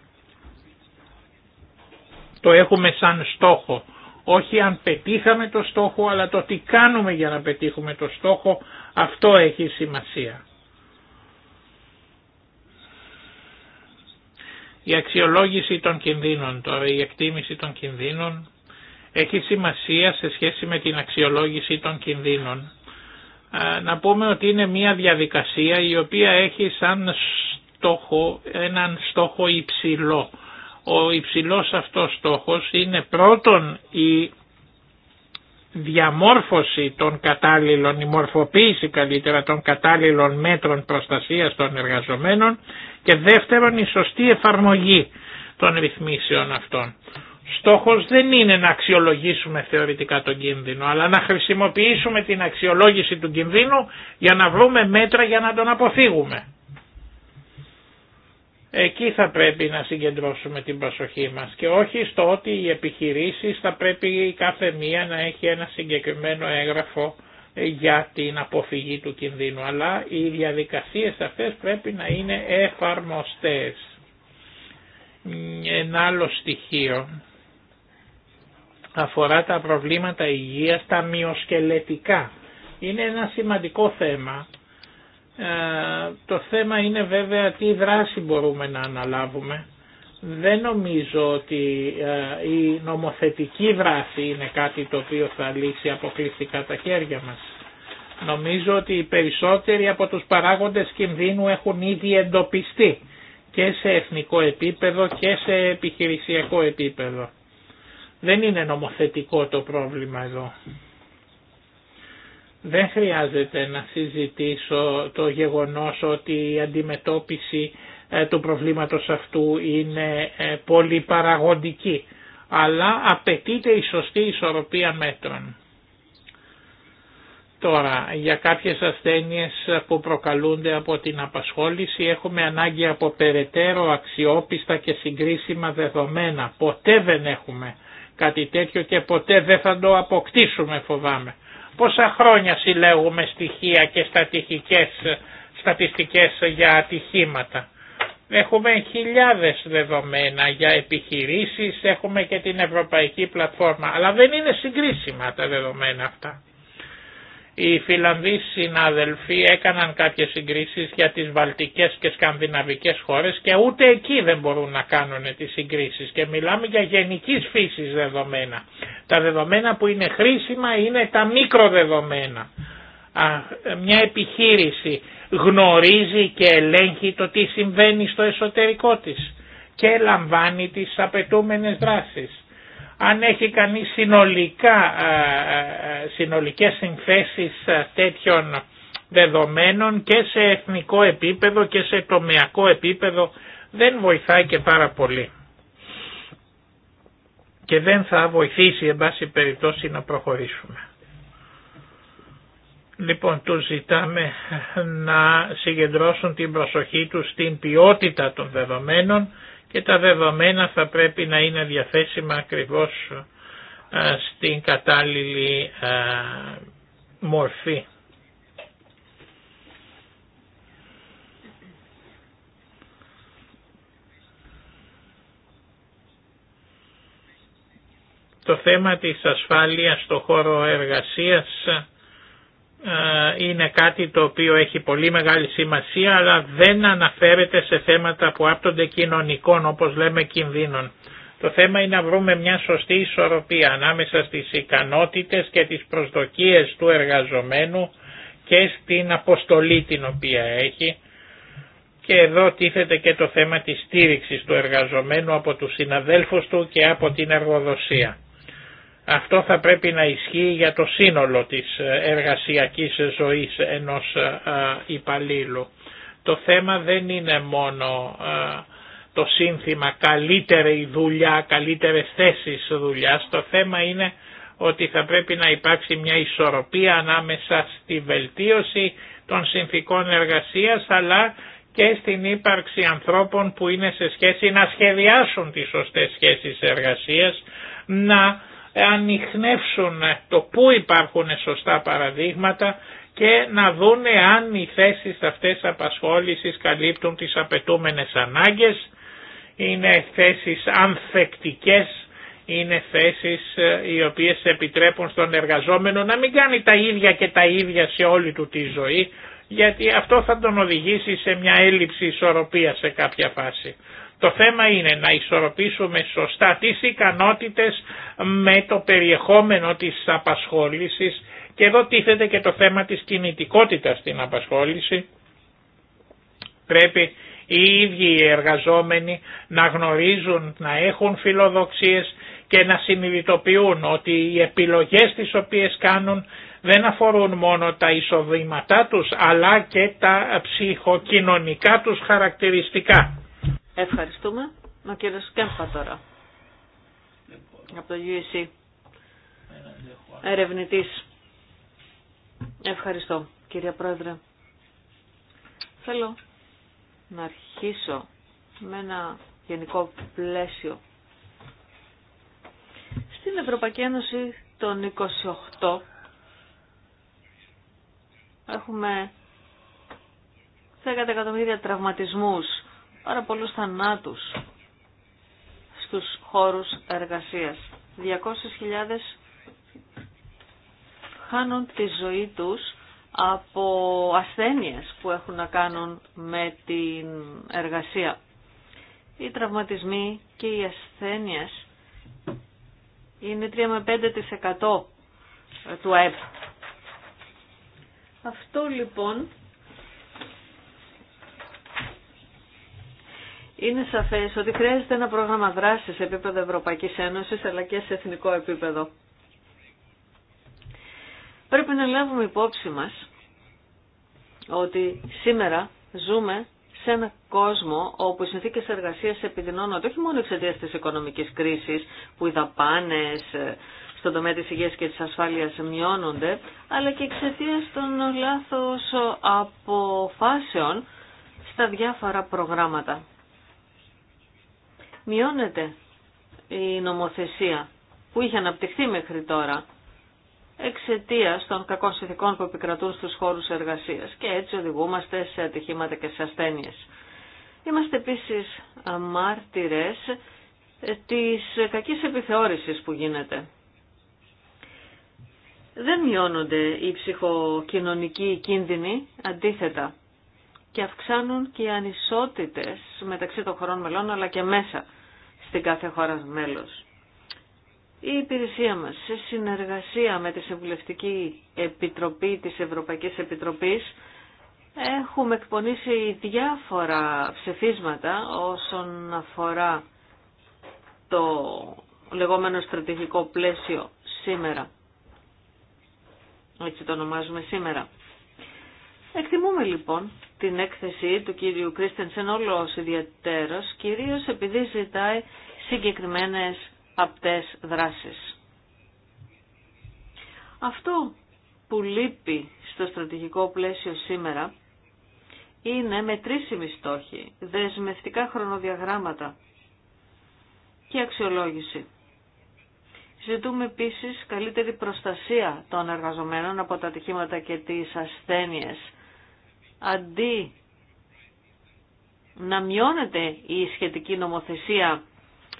το έχουμε σαν στόχο. Όχι αν πετύχαμε το στόχο, αλλά το τι κάνουμε για να πετύχουμε το στόχο, αυτό έχει σημασία. Η αξιολόγηση των κινδύνων, τώρα η εκτίμηση των κινδύνων έχει σημασία σε σχέση με την αξιολόγηση των κινδύνων. Να πούμε ότι είναι μια διαδικασία η οποία έχει σαν στόχο, έναν στόχο υψηλό. Ο υψηλός αυτός στόχος είναι πρώτον η διαμόρφωση των κατάλληλων, η μορφοποίηση καλύτερα των κατάλληλων μέτρων προστασίας των εργαζομένων και δεύτερον η σωστή εφαρμογή των ρυθμίσεων αυτών. Στόχος δεν είναι να αξιολογήσουμε θεωρητικά τον κίνδυνο, αλλά να χρησιμοποιήσουμε την αξιολόγηση του κινδύνου για να βρούμε μέτρα για να τον αποφύγουμε. Εκεί θα πρέπει να συγκεντρώσουμε την προσοχή μας και όχι στο ότι οι επιχειρήσεις θα πρέπει κάθε μία να έχει ένα συγκεκριμένο έγγραφο για την αποφυγή του κινδύνου, αλλά οι διαδικασίες αυτές πρέπει να είναι εφαρμοστές. Ένα άλλο στοιχείο αφορά τα προβλήματα υγείας, τα μειοσκελετικά. Είναι ένα σημαντικό θέμα ε, το θέμα είναι βέβαια τι δράση μπορούμε να αναλάβουμε. Δεν νομίζω ότι ε, η νομοθετική δράση είναι κάτι το οποίο θα λύσει αποκλειστικά τα χέρια μας. Νομίζω ότι οι περισσότεροι από τους παράγοντες κινδύνου έχουν ήδη εντοπιστεί και σε εθνικό επίπεδο και σε επιχειρησιακό επίπεδο. Δεν είναι νομοθετικό το πρόβλημα εδώ. Δεν χρειάζεται να συζητήσω το γεγονός ότι η αντιμετώπιση ε, του προβλήματος αυτού είναι ε, πολυπαραγοντική, αλλά απαιτείται η σωστή ισορροπία μέτρων. Τώρα, για κάποιες ασθένειες που προκαλούνται από την απασχόληση έχουμε ανάγκη από περαιτέρω αξιόπιστα και συγκρίσιμα δεδομένα. Ποτέ δεν έχουμε κάτι τέτοιο και ποτέ δεν θα το αποκτήσουμε φοβάμαι. Πόσα χρόνια συλλέγουμε στοιχεία και στατιστικές, στατιστικές για ατυχήματα. Έχουμε χιλιάδες δεδομένα για επιχειρήσεις, έχουμε και την Ευρωπαϊκή Πλατφόρμα, αλλά δεν είναι συγκρίσιμα τα δεδομένα αυτά. Οι Φιλανδοί συναδελφοί έκαναν κάποιες συγκρίσεις για τις βαλτικές και σκανδιναβικές χώρες και ούτε εκεί δεν μπορούν να κάνουν τις συγκρίσεις και μιλάμε για γενικής φύσης δεδομένα. Τα δεδομένα που είναι χρήσιμα είναι τα μικροδεδομένα. Μια επιχείρηση γνωρίζει και ελέγχει το τι συμβαίνει στο εσωτερικό της και λαμβάνει τις απαιτούμενες δράσεις. Αν έχει κανείς συνολικά, ε, ε, ε, συνολικές συνθέσεις τέτοιων δεδομένων και σε εθνικό επίπεδο και σε τομεακό επίπεδο δεν βοηθάει και πάρα πολύ. Και δεν θα βοηθήσει εν πάση περιπτώσει να προχωρήσουμε. Λοιπόν, τους ζητάμε να συγκεντρώσουν την προσοχή τους στην ποιότητα των δεδομένων και τα δεδομένα θα πρέπει να είναι διαθέσιμα ακριβώς στην κατάλληλη μορφή. Το θέμα της ασφάλειας στο χώρο εργασίας ε, είναι κάτι το οποίο έχει πολύ μεγάλη σημασία αλλά δεν αναφέρεται σε θέματα που άπτονται κοινωνικών όπως λέμε κινδύνων. Το θέμα είναι να βρούμε μια σωστή ισορροπία ανάμεσα στις ικανότητες και τις προσδοκίες του εργαζομένου και στην αποστολή την οποία έχει και εδώ τίθεται και το θέμα της στήριξης του εργαζομένου από τους συναδέλφους του και από την εργοδοσία. Αυτό θα πρέπει να ισχύει για το σύνολο της εργασιακής ζωής ενός ε, ε, υπαλλήλου. Το θέμα δεν είναι μόνο ε, το σύνθημα καλύτερη δουλειά, καλύτερες θέσεις δουλειάς. Το θέμα είναι ότι θα πρέπει να υπάρξει μια ισορροπία ανάμεσα στη βελτίωση των συνθήκων εργασίας αλλά και στην ύπαρξη ανθρώπων που είναι σε σχέση να σχεδιάσουν τις σωστές σχέσεις εργασίας, να ανοιχνεύσουν το πού υπάρχουν σωστά παραδείγματα και να δούνε αν οι θέσεις αυτές απασχόλησης καλύπτουν τις απαιτούμενες ανάγκες, είναι θέσεις ανθεκτικές, είναι θέσεις ε, οι οποίες επιτρέπουν στον εργαζόμενο να μην κάνει τα ίδια και τα ίδια σε όλη του τη ζωή, γιατί αυτό θα τον οδηγήσει σε μια έλλειψη ισορροπία σε κάποια φάση. Το θέμα είναι να ισορροπήσουμε σωστά τις ικανότητες με το περιεχόμενο της απασχόλησης και εδώ τίθεται και το θέμα της κινητικότητας στην απασχόληση. Πρέπει οι ίδιοι οι εργαζόμενοι να γνωρίζουν, να έχουν φιλοδοξίες και να συνειδητοποιούν ότι οι επιλογές τις οποίες κάνουν δεν αφορούν μόνο τα εισοδήματά τους αλλά και τα ψυχοκοινωνικά τους χαρακτηριστικά. Ευχαριστούμε. Ο κύριος Κέμπα τώρα. Από το UEC. Ερευνητής. Ευχαριστώ, κυρία Πρόεδρε. Θέλω να αρχίσω με ένα γενικό πλαίσιο. Στην Ευρωπαϊκή Ένωση των 28 έχουμε 10 εκατομμύρια τραυματισμούς πάρα πολλούς θανάτους στους χώρους εργασίας. 200.000 χάνουν τη ζωή τους από ασθένειες που έχουν να κάνουν με την εργασία. Οι τραυματισμοί και οι ασθένειες είναι 3 με 5% του ΑΕΠ. Αυτό λοιπόν Είναι σαφέ ότι χρειάζεται ένα πρόγραμμα δράση σε επίπεδο Ευρωπαϊκής Ένωσης αλλά και σε εθνικό επίπεδο. Πρέπει να λάβουμε υπόψη μας ότι σήμερα ζούμε σε ένα κόσμο όπου οι συνθήκε εργασία επιδεινώνονται όχι μόνο εξαιτία τη οικονομική κρίση που οι δαπάνε ε, στον τομέα της υγείας και της ασφάλεια μειώνονται, αλλά και εξαιτία των λάθο αποφάσεων στα διάφορα προγράμματα μειώνεται η νομοθεσία που είχε αναπτυχθεί μέχρι τώρα εξαιτία των κακών συνθηκών που επικρατούν στους χώρους εργασίας και έτσι οδηγούμαστε σε ατυχήματα και σε ασθένειες. Είμαστε επίσης μάρτυρες της κακής επιθεώρησης που γίνεται. Δεν μειώνονται οι ψυχοκοινωνικοί κίνδυνοι, αντίθετα, και αυξάνουν και οι ανισότητες μεταξύ των χωρών μελών αλλά και μέσα στην κάθε χώρα μέλος. Η υπηρεσία μας σε συνεργασία με τη Συμβουλευτική Επιτροπή της Ευρωπαϊκής Επιτροπής έχουμε εκπονήσει διάφορα ψηφίσματα όσον αφορά το λεγόμενο στρατηγικό πλαίσιο σήμερα. Έτσι το ονομάζουμε σήμερα. Εκτιμούμε λοιπόν την έκθεση του κύριου Κρίστενσεν όλος ιδιαίτερος, κυρίως επειδή ζητάει συγκεκριμένες απτές δράσεις. Αυτό που λείπει στο στρατηγικό πλαίσιο σήμερα είναι μετρήσιμοι στόχοι, δεσμευτικά χρονοδιαγράμματα και αξιολόγηση. Ζητούμε επίσης καλύτερη προστασία των εργαζομένων από τα ατυχήματα και τις ασθένειες αντί να μειώνεται η σχετική νομοθεσία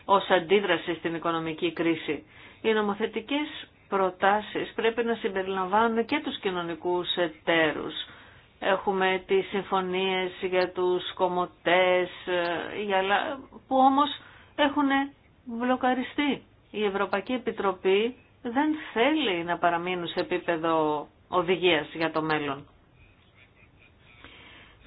ως αντίδραση στην οικονομική κρίση. Οι νομοθετικές προτάσεις πρέπει να συμπεριλαμβάνουν και τους κοινωνικούς εταίρους. Έχουμε τις συμφωνίες για τους κομωτές, ε, που όμως έχουν βλοκαριστεί. Η Ευρωπαϊκή Επιτροπή δεν θέλει να παραμείνουν σε επίπεδο οδηγίας για το μέλλον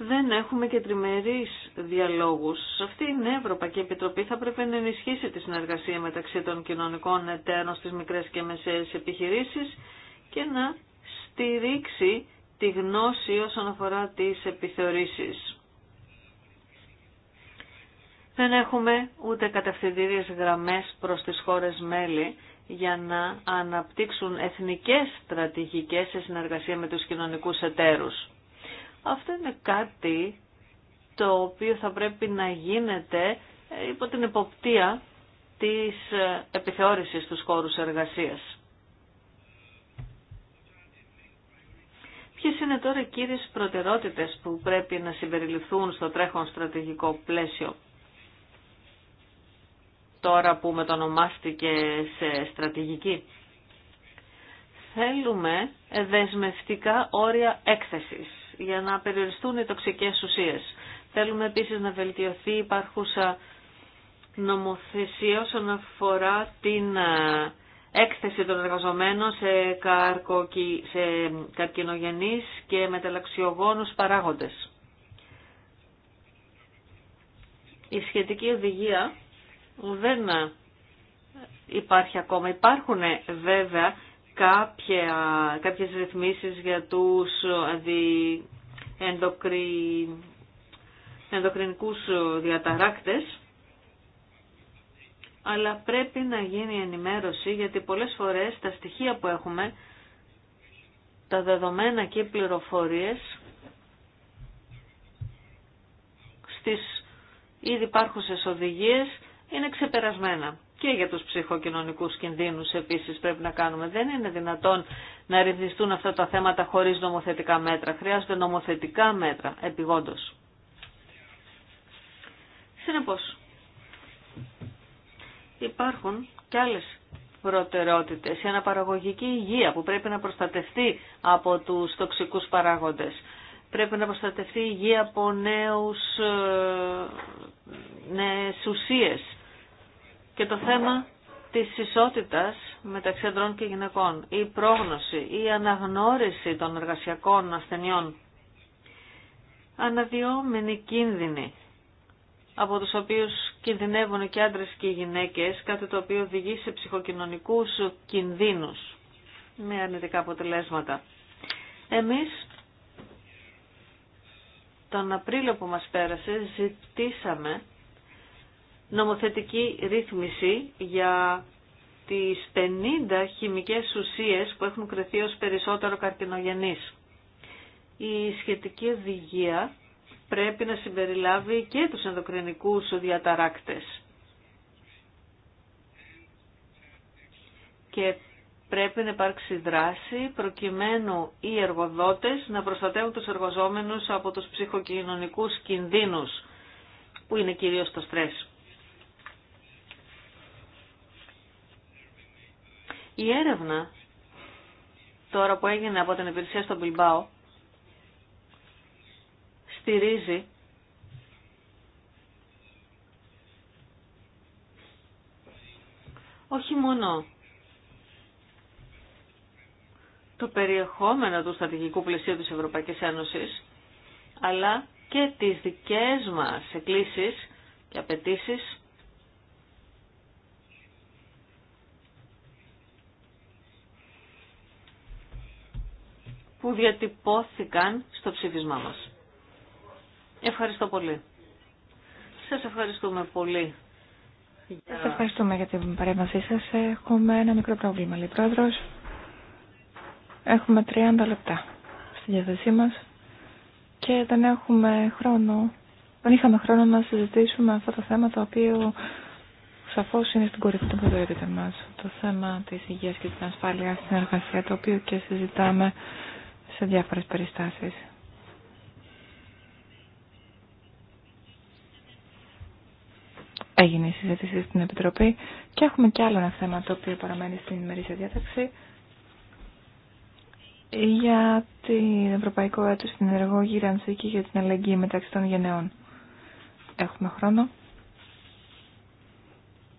δεν έχουμε και τριμερείς διαλόγους. Αυτή η Ευρωπαϊκή Επιτροπή θα πρέπει να ενισχύσει τη συνεργασία μεταξύ των κοινωνικών εταίρων στις μικρές και μεσαίες επιχειρήσεις και να στηρίξει τη γνώση όσον αφορά τις επιθεωρήσεις. Δεν έχουμε ούτε κατευθυντήριες γραμμές προς τις χώρες μέλη για να αναπτύξουν εθνικές στρατηγικές σε συνεργασία με τους κοινωνικούς εταίρους. Αυτό είναι κάτι το οποίο θα πρέπει να γίνεται ε, υπό την εποπτεία της ε, επιθεώρησης του χώρους εργασίας. Ποιες είναι τώρα οι κύριες προτερότητες που πρέπει να συμπεριληφθούν στο τρέχον στρατηγικό πλαίσιο. Τώρα που μετονομάστηκε σε στρατηγική. Θέλουμε δεσμευτικά όρια έκθεσης για να περιοριστούν οι τοξικές ουσίες. Θέλουμε επίσης να βελτιωθεί η υπάρχουσα νομοθεσία όσον αφορά την ε, έκθεση των εργαζομένων σε, καρκοκι... σε καρκινογενείς και μεταλλαξιογόνους παράγοντες. Η σχετική οδηγία δεν υπάρχει ακόμα. Υπάρχουν βέβαια κάποια, κάποιες ρυθμίσεις για τους αντι ενδοκρι... ενδοκρινικούς διαταράκτες, αλλά πρέπει να γίνει ενημέρωση γιατί πολλές φορές τα στοιχεία που έχουμε, τα δεδομένα και οι πληροφορίες στις ήδη υπάρχουσες οδηγίες είναι ξεπερασμένα και για τους ψυχοκοινωνικούς κινδύνους επίσης πρέπει να κάνουμε. Δεν είναι δυνατόν να ρυθμιστούν αυτά τα θέματα χωρίς νομοθετικά μέτρα. Χρειάζονται νομοθετικά μέτρα, επιγόντως. Συνεπώς, υπάρχουν και άλλες προτεραιότητες. Η αναπαραγωγική υγεία που πρέπει να προστατευτεί από τους τοξικούς παράγοντες. Πρέπει να προστατευτεί η υγεία από νέους, ε, νέες και το θέμα της ισότητας μεταξύ ανδρών και γυναικών, η πρόγνωση, η αναγνώριση των εργασιακών ασθενειών, αναδυόμενοι κίνδυνοι, από τους οποίους κινδυνεύουν και άντρες και γυναίκες, κάτι το οποίο οδηγεί σε ψυχοκοινωνικούς κινδύνους με αρνητικά αποτελέσματα. Εμείς τον Απρίλιο που μας πέρασε ζητήσαμε νομοθετική ρύθμιση για τις 50 χημικές ουσίες που έχουν κρεθεί ως περισσότερο καρκινογενείς. Η σχετική οδηγία πρέπει να συμπεριλάβει και τους ενδοκρινικούς διαταράκτες. Και πρέπει να υπάρξει δράση προκειμένου οι εργοδότες να προστατεύουν τους εργοζόμενους από τους ψυχοκοινωνικούς κινδύνους που είναι κυρίως το στρες. Η έρευνα τώρα που έγινε από την υπηρεσία στο Μπιλμπάο στηρίζει όχι μόνο το περιεχόμενο του στρατηγικού πλαισίου της Ευρωπαϊκής Ένωσης, αλλά και τις δικές μας εκκλήσεις και απαιτήσει που διατυπώθηκαν στο ψήφισμά μας. Ευχαριστώ πολύ. Σας ευχαριστούμε πολύ. Σας ευχαριστούμε για την παρέμβασή σας. Έχουμε ένα μικρό πρόβλημα, λέει πρόεδρος. Έχουμε 30 λεπτά στη διάθεσή μας και δεν έχουμε χρόνο, δεν είχαμε χρόνο να συζητήσουμε αυτό το θέμα το οποίο σαφώς είναι στην κορυφή των προτεραιότητων μας. Το θέμα της υγείας και της ασφάλειας στην εργασία, το οποίο και συζητάμε σε διάφορες περιστάσεις. Έγινε η συζήτηση στην Επιτροπή και έχουμε κι άλλο ένα θέμα το οποίο παραμένει στην ημερήσια διάταξη για την Ευρωπαϊκό Έτος στην Ενεργό Γύρανση και για την αλλαγή μεταξύ των γενεών. Έχουμε χρόνο.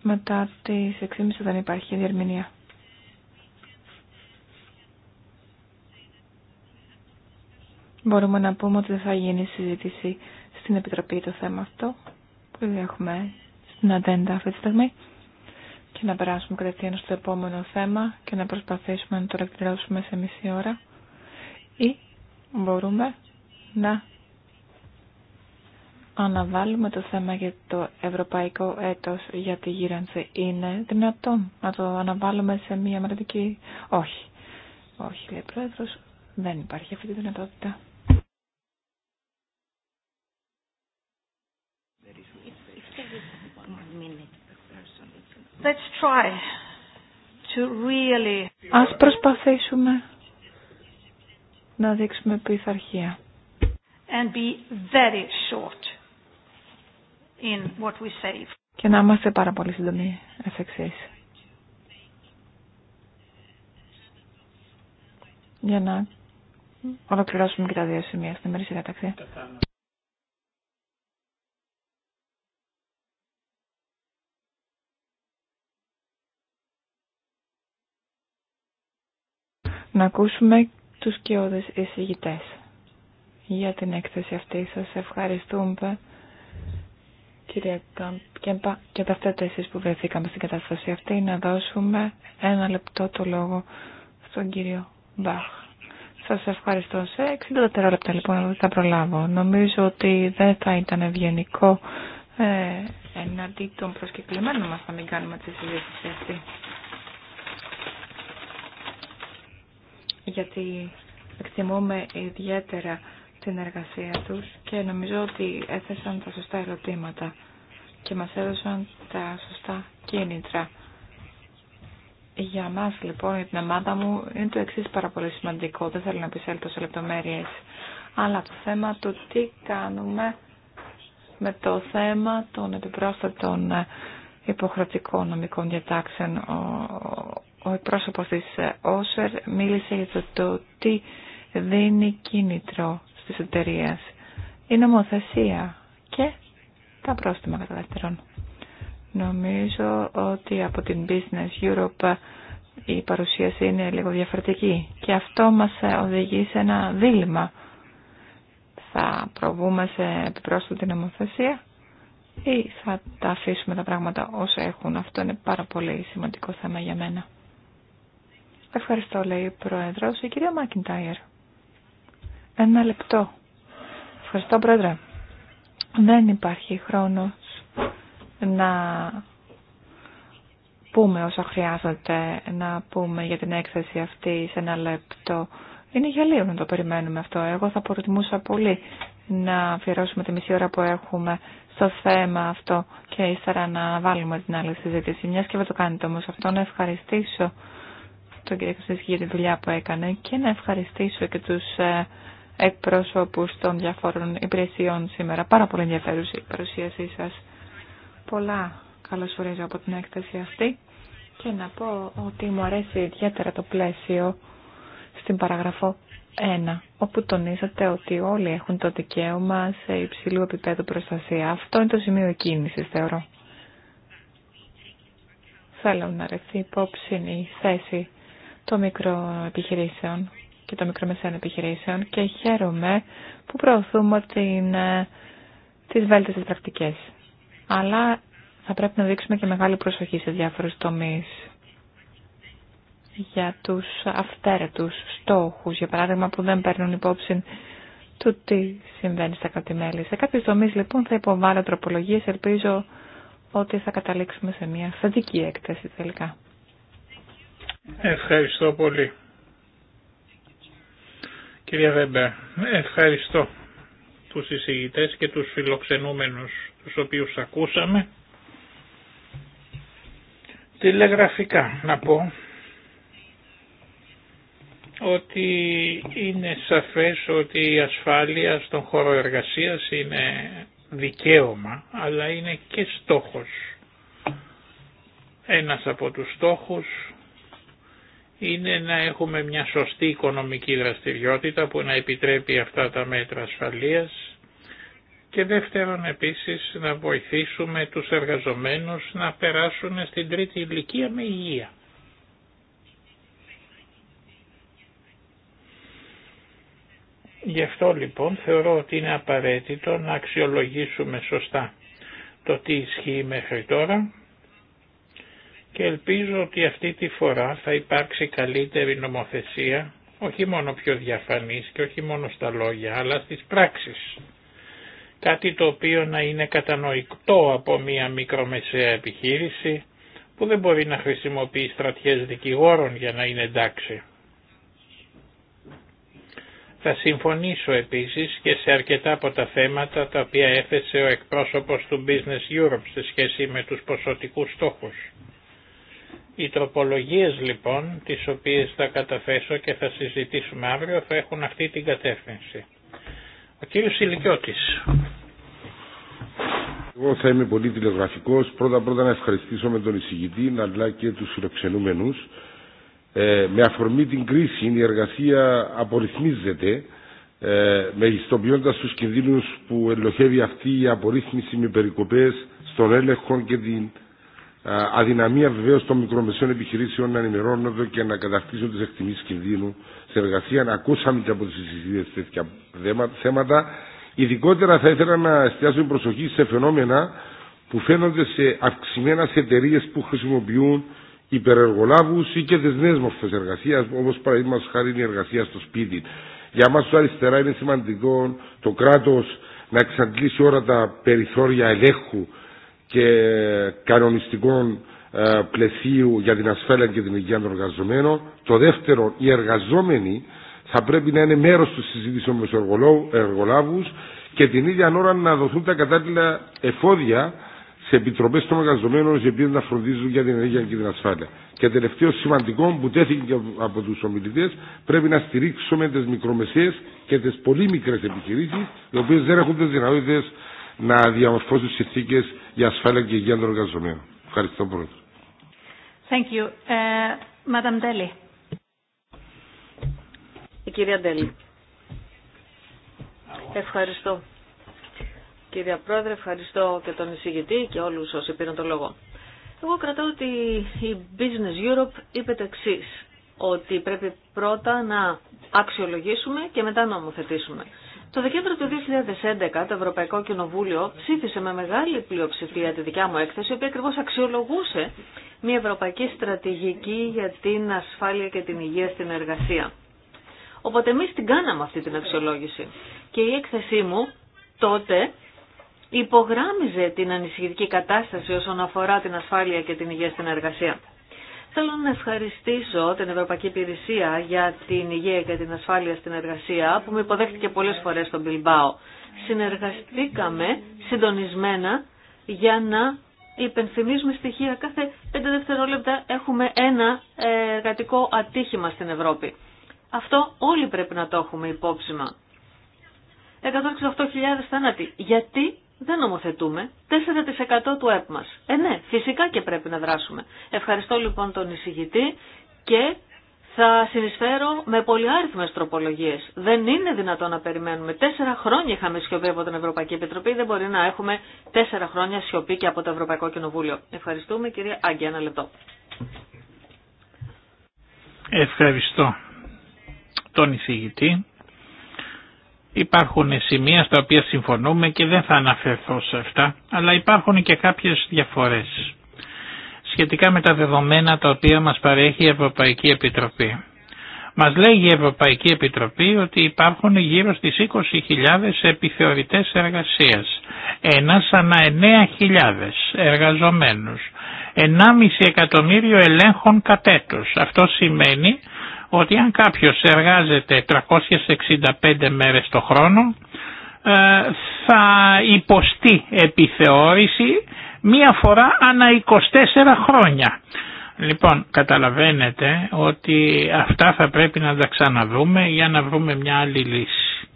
Μετά τις 6.30 δεν υπάρχει διαρμηνία μπορούμε να πούμε ότι δεν θα γίνει συζήτηση στην Επιτροπή το θέμα αυτό που έχουμε στην ατέντα αυτή τη στιγμή και να περάσουμε κατευθείαν στο επόμενο θέμα και να προσπαθήσουμε να το εκτελέσουμε σε μισή ώρα ή μπορούμε να αναβάλουμε το θέμα για το ευρωπαϊκό έτος για τη γύρανση. Είναι δυνατόν να το αναβάλουμε σε μία μερατική... Όχι. Όχι, λέει ο Πρόεδρος, δεν υπάρχει αυτή τη δυνατότητα. Let's try to really... Ας προσπαθήσουμε να δείξουμε πειθαρχία. And be very short in what we Και να είμαστε πάρα πολύ σύντομοι εφ' εξής. Για να ολοκληρώσουμε και τα δύο σημεία στην ημερήσια καταξία. να ακούσουμε τους κοιόδες εισηγητές για την έκθεση αυτή. Σας ευχαριστούμε κυρία Κέμπα και ταυτέτε εσείς που βρεθήκαμε στην κατάσταση αυτή να δώσουμε ένα λεπτό το λόγο στον κύριο Μπαχ. Σας ευχαριστώ. Σε 64 λεπτά, λοιπόν θα προλάβω. Νομίζω ότι δεν θα ήταν ευγενικό ε, εναντί των προσκεκλημένων μας να μην κάνουμε τη συζήτηση αυτή. γιατί εκτιμούμε ιδιαίτερα την εργασία τους και νομίζω ότι έθεσαν τα σωστά ερωτήματα και μας έδωσαν τα σωστά κίνητρα. Για μας λοιπόν, για την ομάδα μου, είναι το εξής πάρα πολύ σημαντικό, δεν θέλω να επισέλθω σε λεπτομέρειες, αλλά το θέμα του τι κάνουμε με το θέμα των επιπρόσθετων υποχρεωτικών νομικών διατάξεων ο πρόσωπο της ε, Όσερ μίλησε για το, τι δίνει κίνητρο στις εταιρείε. Η νομοθεσία και τα πρόστιμα κατά δεύτερον. Νομίζω ότι από την Business Europe η παρουσίαση είναι λίγο διαφορετική και αυτό μας ε, οδηγεί σε ένα δίλημα. Θα προβούμε σε επιπρόσθετη νομοθεσία ή θα τα αφήσουμε τα πράγματα όσα έχουν. Αυτό είναι πάρα πολύ σημαντικό θέμα για μένα. Ευχαριστώ, λέει ο Πρόεδρο. Η κυρία Μάκιντάιερ. Ένα λεπτό. Ευχαριστώ, Πρόεδρε. Δεν υπάρχει χρόνος να πούμε όσα χρειάζεται να πούμε για την έκθεση αυτή σε ένα λεπτό. Είναι γελίο να το περιμένουμε αυτό. Εγώ θα προτιμούσα πολύ να αφιερώσουμε τη μισή ώρα που έχουμε στο θέμα αυτό και ύστερα να βάλουμε την άλλη συζήτηση. Μια και δεν το κάνετε όμως αυτό, να ευχαριστήσω τον κύριο Κασίνσκι για τη δουλειά που έκανε και να ευχαριστήσω και τους ε, εκπρόσωπους των διαφόρων υπηρεσιών σήμερα. Πάρα πολύ ενδιαφέρουσα η παρουσίασή σας. Πολλά φορέζω από την έκθεση αυτή και να πω ότι μου αρέσει ιδιαίτερα το πλαίσιο στην παραγραφό 1, όπου τονίσατε ότι όλοι έχουν το δικαίωμα σε υψηλού επίπεδου προστασία. Αυτό είναι το σημείο κίνησης, θεωρώ. Θέλω να ρεθεί υπόψη η θέση μικρό μικροεπιχειρήσεων και των μικρομεσαίων επιχειρήσεων και χαίρομαι που προωθούμε την, ε, τις βέλτιστες πρακτικές. Αλλά θα πρέπει να δείξουμε και μεγάλη προσοχή σε διάφορους τομείς για τους αυθαίρετους στόχους, για παράδειγμα που δεν παίρνουν υπόψη του τι συμβαίνει στα κρατημέλη. Σε κάποιε τομείς λοιπόν θα υποβάλλω τροπολογίες, ελπίζω ότι θα καταλήξουμε σε μια θετική έκθεση τελικά. Ευχαριστώ πολύ. Κυρία Βέμπερ, ευχαριστώ τους εισηγητές και τους φιλοξενούμενους τους οποίους ακούσαμε. Τηλεγραφικά να πω ότι είναι σαφές ότι η ασφάλεια στον χώρο εργασίας είναι δικαίωμα αλλά είναι και στόχος. Ένας από τους στόχους είναι να έχουμε μια σωστή οικονομική δραστηριότητα που να επιτρέπει αυτά τα μέτρα ασφαλείας και δεύτερον επίσης να βοηθήσουμε τους εργαζομένους να περάσουν στην τρίτη ηλικία με υγεία. Γι' αυτό λοιπόν θεωρώ ότι είναι απαραίτητο να αξιολογήσουμε σωστά το τι ισχύει μέχρι τώρα και ελπίζω ότι αυτή τη φορά θα υπάρξει καλύτερη νομοθεσία, όχι μόνο πιο διαφανής και όχι μόνο στα λόγια, αλλά στις πράξεις. Κάτι το οποίο να είναι κατανοητό από μια μικρομεσαία επιχείρηση που δεν μπορεί να χρησιμοποιεί στρατιές δικηγόρων για να είναι εντάξει. Θα συμφωνήσω επίσης και σε αρκετά από τα θέματα τα οποία έθεσε ο εκπρόσωπος του Business Europe σε σχέση με τους ποσοτικούς στόχους. Οι τροπολογίες λοιπόν, τις οποίες θα καταφέσω και θα συζητήσουμε αύριο, θα έχουν αυτή την κατεύθυνση. Ο κύριος Σιλικιώτης. Εγώ θα είμαι πολύ τηλεγραφικός. Πρώτα-πρώτα να ευχαριστήσω με τον εισηγητή, αλλά και τους φιλοξενούμενους. Ε, με αφορμή την κρίση, η εργασία απορριθμίζεται, ε, μεγιστοποιώντας τους κινδύνους που ελοχεύει αυτή η απορρίθμιση με περικοπές στον έλεγχο και την ε, αδυναμία βεβαίω των μικρομεσαίων επιχειρήσεων να ενημερώνονται και να κατακτήσουν τι εκτιμήσει κινδύνου σε εργασία. να Ακούσαμε και από τι συζητήσει τέτοια θέματα. Ειδικότερα θα ήθελα να εστιάσω την προσοχή σε φαινόμενα που φαίνονται σε αυξημένα σε εταιρείε που χρησιμοποιούν υπερεργολάβου ή και τι νέε μορφέ εργασία, όπω παραδείγματο χάρη η εργασία στο σπίτι. Για μα, του αριστερά, είναι σημαντικό το κράτο να εξαντλήσει όλα τα περιθώρια ελέγχου και κανονιστικών ε, πλαισίου για την ασφάλεια και την υγεία των εργαζομένων. Το δεύτερο, οι εργαζόμενοι θα πρέπει να είναι μέρος του συζήτησης με του εργολάβους και την ίδια ώρα να δοθούν τα κατάλληλα εφόδια σε επιτροπέ των εργαζομένων οι οποίε να φροντίζουν για την ενέργεια και την ασφάλεια. Και τελευταίο σημαντικό που τέθηκε από του ομιλητέ, πρέπει να στηρίξουμε τι μικρομεσαίε και τι πολύ μικρέ επιχειρήσει, οι οποίε δεν έχουν τι δυνατότητε να διαμορφώσουν συνθήκε για ασφάλεια και υγεία των εργαζομένων. Ευχαριστώ πολύ. Thank you. Ε, η κυρία Ντέλη. Ευχαριστώ. Κυρία Πρόεδρε, ευχαριστώ και τον εισηγητή και όλους όσοι πήραν το λόγο. Εγώ κρατάω ότι η Business Europe είπε το εξή ότι πρέπει πρώτα να αξιολογήσουμε και μετά να νομοθετήσουμε. Το Δεκέμβριο του 2011 το Ευρωπαϊκό Κοινοβούλιο ψήφισε με μεγάλη πλειοψηφία τη δικιά μου έκθεση, η οποία ακριβώ αξιολογούσε μια ευρωπαϊκή στρατηγική για την ασφάλεια και την υγεία στην εργασία. Οπότε εμεί την κάναμε αυτή την αξιολόγηση. Και η έκθεσή μου τότε υπογράμμιζε την ανησυχητική κατάσταση όσον αφορά την ασφάλεια και την υγεία στην εργασία. Θέλω να ευχαριστήσω την Ευρωπαϊκή Υπηρεσία για την υγεία και την ασφάλεια στην εργασία που με υποδέχτηκε πολλές φορές στον Μπιλμπάο. Συνεργαστήκαμε συντονισμένα για να υπενθυμίζουμε στοιχεία. Κάθε 5 δευτερόλεπτα έχουμε ένα ε, εργατικό ατύχημα στην Ευρώπη. Αυτό όλοι πρέπει να το έχουμε υπόψη 168.000 θάνατοι. Γιατί δεν νομοθετούμε. 4% του ΕΠ μας. Ε, ναι, φυσικά και πρέπει να δράσουμε. Ευχαριστώ λοιπόν τον εισηγητή και θα συνεισφέρω με πολυάριθμες τροπολογίες. Δεν είναι δυνατόν να περιμένουμε. Τέσσερα χρόνια είχαμε σιωπή από την Ευρωπαϊκή Επιτροπή, δεν μπορεί να έχουμε τέσσερα χρόνια σιωπή και από το Ευρωπαϊκό Κοινοβούλιο. Ευχαριστούμε κυρία Άγκη, ένα λεπτό. Ευχαριστώ τον εισηγητή. Υπάρχουν σημεία στα οποία συμφωνούμε και δεν θα αναφερθώ σε αυτά, αλλά υπάρχουν και κάποιες διαφορές σχετικά με τα δεδομένα τα οποία μας παρέχει η Ευρωπαϊκή Επιτροπή. Μας λέει η Ευρωπαϊκή Επιτροπή ότι υπάρχουν γύρω στις 20.000 επιθεωρητές εργασίας, ένας ανά 9.000 εργαζομένους, 1,5 εκατομμύριο ελέγχων κατέτους. Αυτό σημαίνει ότι αν κάποιος εργάζεται 365 μέρες το χρόνο ε, θα υποστεί επιθεώρηση μία φορά ανά 24 χρόνια. Λοιπόν, καταλαβαίνετε ότι αυτά θα πρέπει να τα ξαναδούμε για να βρούμε μια άλλη λύση.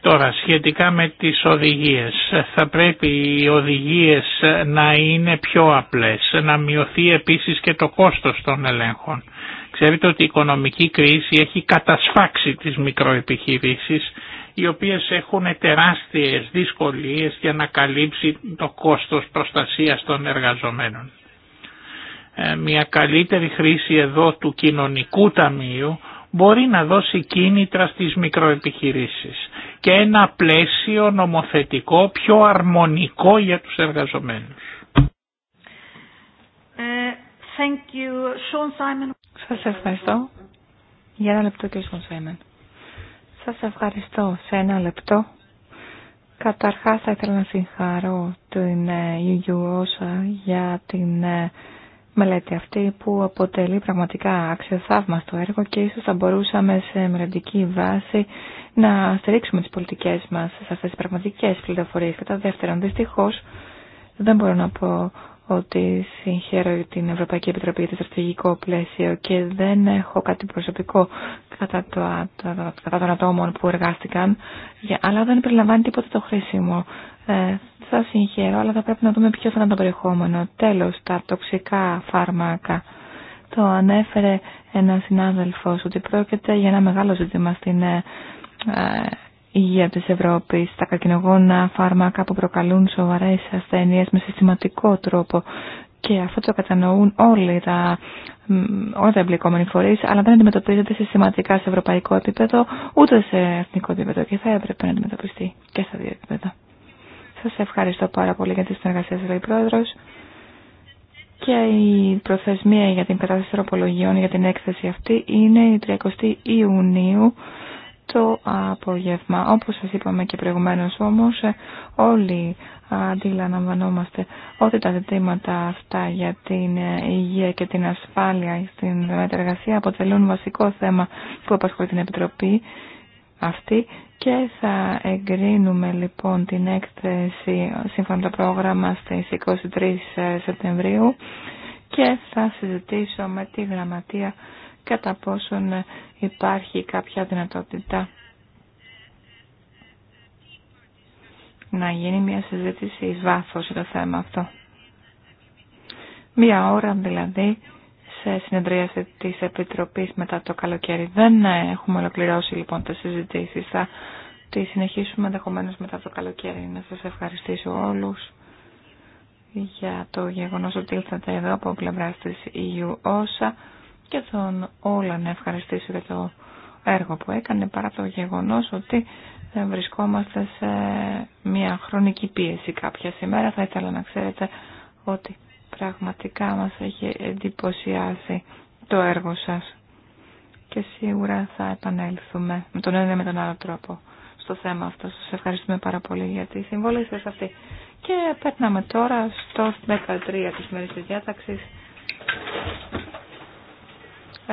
Τώρα, σχετικά με τις οδηγίες, θα πρέπει οι οδηγίες να είναι πιο απλές, να μειωθεί επίσης και το κόστος των ελέγχων. Ξέρετε ότι η οικονομική κρίση έχει κατασφάξει τις μικροεπιχειρήσεις οι οποίες έχουν τεράστιες δυσκολίες για να καλύψει το κόστος προστασίας των εργαζομένων. Ε, μια καλύτερη χρήση εδώ του κοινωνικού ταμείου μπορεί να δώσει κίνητρα στις μικροεπιχειρήσεις και ένα πλαίσιο νομοθετικό πιο αρμονικό για τους εργαζομένους. Thank Σας ευχαριστώ. Για ένα λεπτό, κύριε Σον Simon. Σας ευχαριστώ. Σε ένα λεπτό. Καταρχάς θα ήθελα να συγχαρώ την ε, Ιουγιουόσα για την ε, μελέτη αυτή που αποτελεί πραγματικά αξιοθαύμαστο έργο και ίσως θα μπορούσαμε σε μελλοντική βάση να στηρίξουμε τις πολιτικές μας σε αυτές τις πραγματικές πληροφορίες. Κατά δεύτερον, δυστυχώς δεν μπορώ να πω ότι συγχαίρω την Ευρωπαϊκή Επιτροπή για το στρατηγικό πλαίσιο και δεν έχω κάτι προσωπικό κατά, το, κατά των ατόμων που εργάστηκαν, αλλά δεν περιλαμβάνει τίποτα το χρήσιμο. Ε, θα συγχαίρω, αλλά θα πρέπει να δούμε ποιο θα ήταν το περιεχόμενο. Τέλος, τα τοξικά φάρμακα. Το ανέφερε ένα συνάδελφος ότι πρόκειται για ένα μεγάλο ζήτημα στην ε, ε, υγεία της Ευρώπης. Τα καρκινογόνα φάρμακα που προκαλούν σοβαρές ασθένειες με συστηματικό τρόπο και αυτό το κατανοούν όλοι τα, όλα τα εμπλεκόμενοι φορείς, αλλά δεν αντιμετωπίζεται συστηματικά σε ευρωπαϊκό επίπεδο, ούτε σε εθνικό επίπεδο και θα έπρεπε να αντιμετωπιστεί και στα δύο επίπεδα. Σας ευχαριστώ πάρα πολύ για τη συνεργασία σας, λέει Πρόεδρος. Και η προθεσμία για την κατάσταση τροπολογιών για την έκθεση αυτή είναι η 30 Ιουνίου το απόγευμα. Όπως σας είπαμε και προηγουμένως όμως, ε, όλοι αντιλαμβανόμαστε ότι τα ζητήματα αυτά για την ε, υγεία και την ασφάλεια στην μεταργασία αποτελούν βασικό θέμα που απασχολεί την Επιτροπή αυτή και θα εγκρίνουμε λοιπόν την έκθεση σύμφωνα με το πρόγραμμα στις 23 ε, Σεπτεμβρίου και θα συζητήσω με τη γραμματεία κατά πόσον ε, υπάρχει κάποια δυνατότητα να γίνει μια συζήτηση εις βάθος για το θέμα αυτό. Μια ώρα δηλαδή σε συνεδρίαση της Επιτροπής μετά το καλοκαίρι. Δεν ε, έχουμε ολοκληρώσει λοιπόν τις συζητήσεις. Θα τις συνεχίσουμε ενδεχομένω μετά το καλοκαίρι. Να σας ευχαριστήσω όλους για το γεγονός ότι ήλθατε εδώ από πλευρά της EU όσα και τον όλα να ευχαριστήσω για το έργο που έκανε παρά το γεγονός ότι ε, βρισκόμαστε σε μια χρονική πίεση κάποια σήμερα. Θα ήθελα να ξέρετε ότι πραγματικά μας έχει εντυπωσιάσει το έργο σας και σίγουρα θα επανέλθουμε με τον ένα με τον άλλο τρόπο στο θέμα αυτό. Σας ευχαριστούμε πάρα πολύ για τη συμβολή σας αυτή. Και περνάμε τώρα στο 13 της μέρης της διάταξης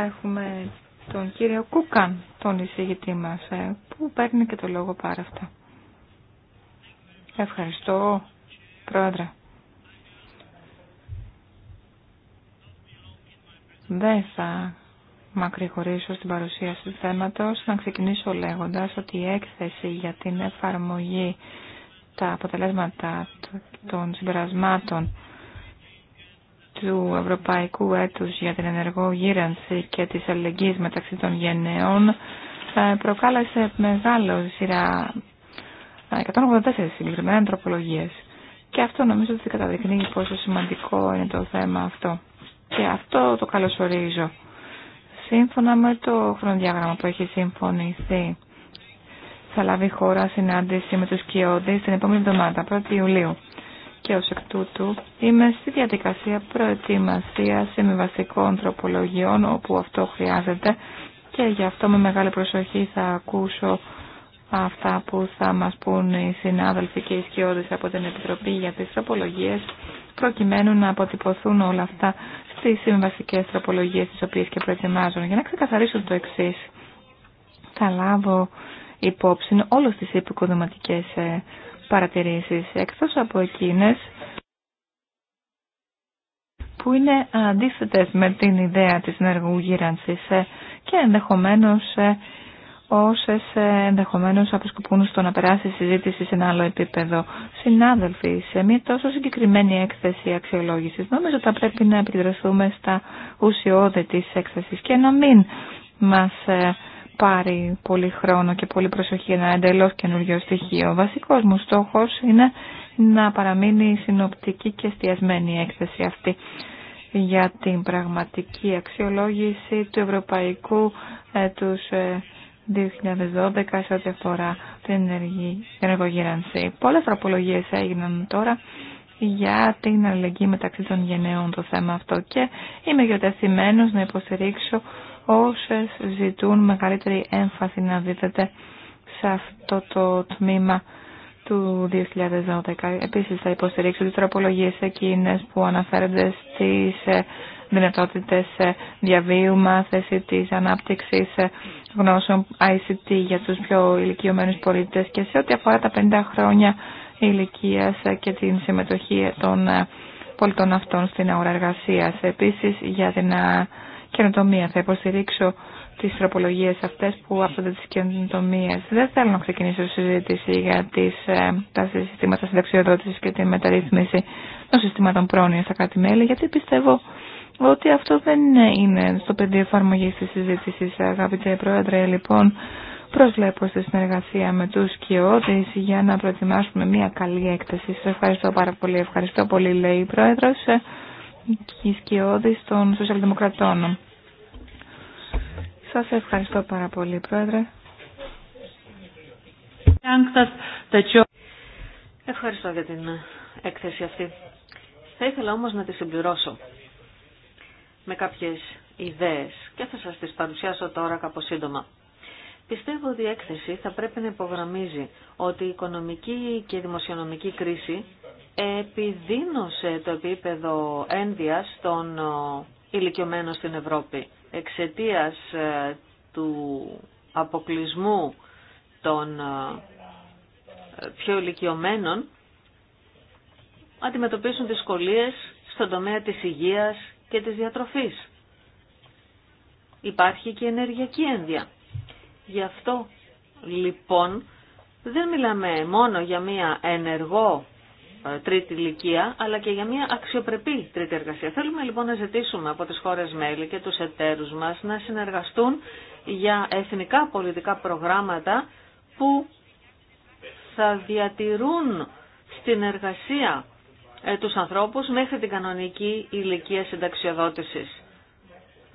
έχουμε τον κύριο Κούκαν, τον εισηγητή μας, ε, που παίρνει και το λόγο πάρα αυτά. Ευχαριστώ, Πρόεδρε. Δεν θα μακρηγορήσω στην παρουσίαση του θέματος, να ξεκινήσω λέγοντας ότι η έκθεση για την εφαρμογή τα αποτελέσματα των συμπερασμάτων του Ευρωπαϊκού Έτους για την ενεργό και της αλληλεγγύης μεταξύ των γενναιών ε, προκάλεσε μεγάλο σειρά 184 ε, συγκεκριμένα τροπολογίες. Και αυτό νομίζω ότι καταδεικνύει πόσο σημαντικό είναι το θέμα αυτό. Και αυτό το καλωσορίζω. Σύμφωνα με το χρονοδιάγραμμα που έχει συμφωνηθεί, θα λάβει η χώρα συνάντηση με τους κοιόντες την επόμενη εβδομάδα, 1η Ιουλίου και ως εκ τούτου είμαι στη διαδικασία προετοιμασίας συμβιβαστικών τροπολογιών όπου αυτό χρειάζεται και γι' αυτό με μεγάλη προσοχή θα ακούσω αυτά που θα μας πούν οι συνάδελφοι και οι σκιώδες από την Επιτροπή για τις τροπολογίες προκειμένου να αποτυπωθούν όλα αυτά στις συμβασικές τροπολογίες τις οποίες και προετοιμάζουν. Για να ξεκαθαρίσω το εξή. θα λάβω υπόψη όλες τις επικοδοματικές ε, παρατηρήσεις εκτός από εκείνες που είναι αντίθετες με την ιδέα της ενεργού γύρανσης ε, και ενδεχομένως ε, όσες ε, ενδεχομένως αποσκοπούν στο να περάσει η συζήτηση σε ένα άλλο επίπεδο. Συνάδελφοι, σε μια τόσο συγκεκριμένη έκθεση αξιολόγησης νομίζω ότι θα πρέπει να επιδραστούμε στα ουσιώδη της έκθεσης και να μην μας πάρει πολύ χρόνο και πολύ προσοχή ένα εντελώς καινούριο στοιχείο. Ο βασικός μου στόχος είναι να παραμείνει συνοπτική και εστιασμένη η έκθεση αυτή για την πραγματική αξιολόγηση του Ευρωπαϊκού έτους 2012 ε, σε ό,τι αφορά την ενεργογύρανση. Πολλές τροπολογίες έγιναν τώρα για την αλληλεγγύη μεταξύ των γενναιών το θέμα αυτό και είμαι γιοτεθειμένος να υποστηρίξω όσες ζητούν μεγαλύτερη έμφαση να δίδεται σε αυτό το τμήμα του 2012. Επίσης θα υποστηρίξω τις τροπολογίες εκείνες που αναφέρονται στις ε, δυνατότητες ε, διαβίου θέση της ανάπτυξης ε, γνώσεων ICT για τους πιο ηλικιωμένους πολίτες και σε ό,τι αφορά τα 50 χρόνια ηλικίας και την συμμετοχή των πολιτών αυτών στην αγορά εργασίας. Επίσης για την καινοτομία. Θα υποστηρίξω τις τροπολογίες αυτές που άπτονται τις καινοτομίες. Δεν θέλω να ξεκινήσω συζήτηση για τις, ε, τα συστήματα συνταξιοδότησης και τη μεταρρύθμιση των συστήματων πρόνοια στα κάτι μελη γιατί πιστεύω ότι αυτό δεν είναι στο πεδίο εφαρμογή τη συζήτηση, αγαπητέ Πρόεδρε. Λοιπόν, προσβλέπω στη συνεργασία με του κοιότε για να προετοιμάσουμε μια καλή έκθεση. Σα ευχαριστώ πάρα πολύ. Ευχαριστώ πολύ, λέει η Πρόεδρο και σκιώδης των σοσιαλδημοκρατών. Σας ευχαριστώ πάρα πολύ, Πρόεδρε. Ευχαριστώ για την έκθεση αυτή. Θα ήθελα όμως να τη συμπληρώσω με κάποιες ιδέες και θα σας τις παρουσιάσω τώρα κάπως σύντομα. Πιστεύω ότι η έκθεση θα πρέπει να υπογραμμίζει ότι η οικονομική και η δημοσιονομική κρίση επιδίνωσε το επίπεδο ένδυας των ε, ηλικιωμένων στην Ευρώπη εξαιτίας ε, του αποκλεισμού των ε, πιο ηλικιωμένων αντιμετωπίσουν δυσκολίες στον τομέα της υγείας και της διατροφής. Υπάρχει και ενεργειακή ένδια. Γι' αυτό λοιπόν δεν μιλάμε μόνο για μία ενεργό ε, τρίτη ηλικία, αλλά και για μια αξιοπρεπή τρίτη εργασία. Θέλουμε λοιπόν να ζητήσουμε από τις χώρες μέλη και τους εταίρους μας να συνεργαστούν για εθνικά πολιτικά προγράμματα που θα διατηρούν στην εργασία ε, τους ανθρώπους μέχρι την κανονική ηλικία συνταξιοδότησης.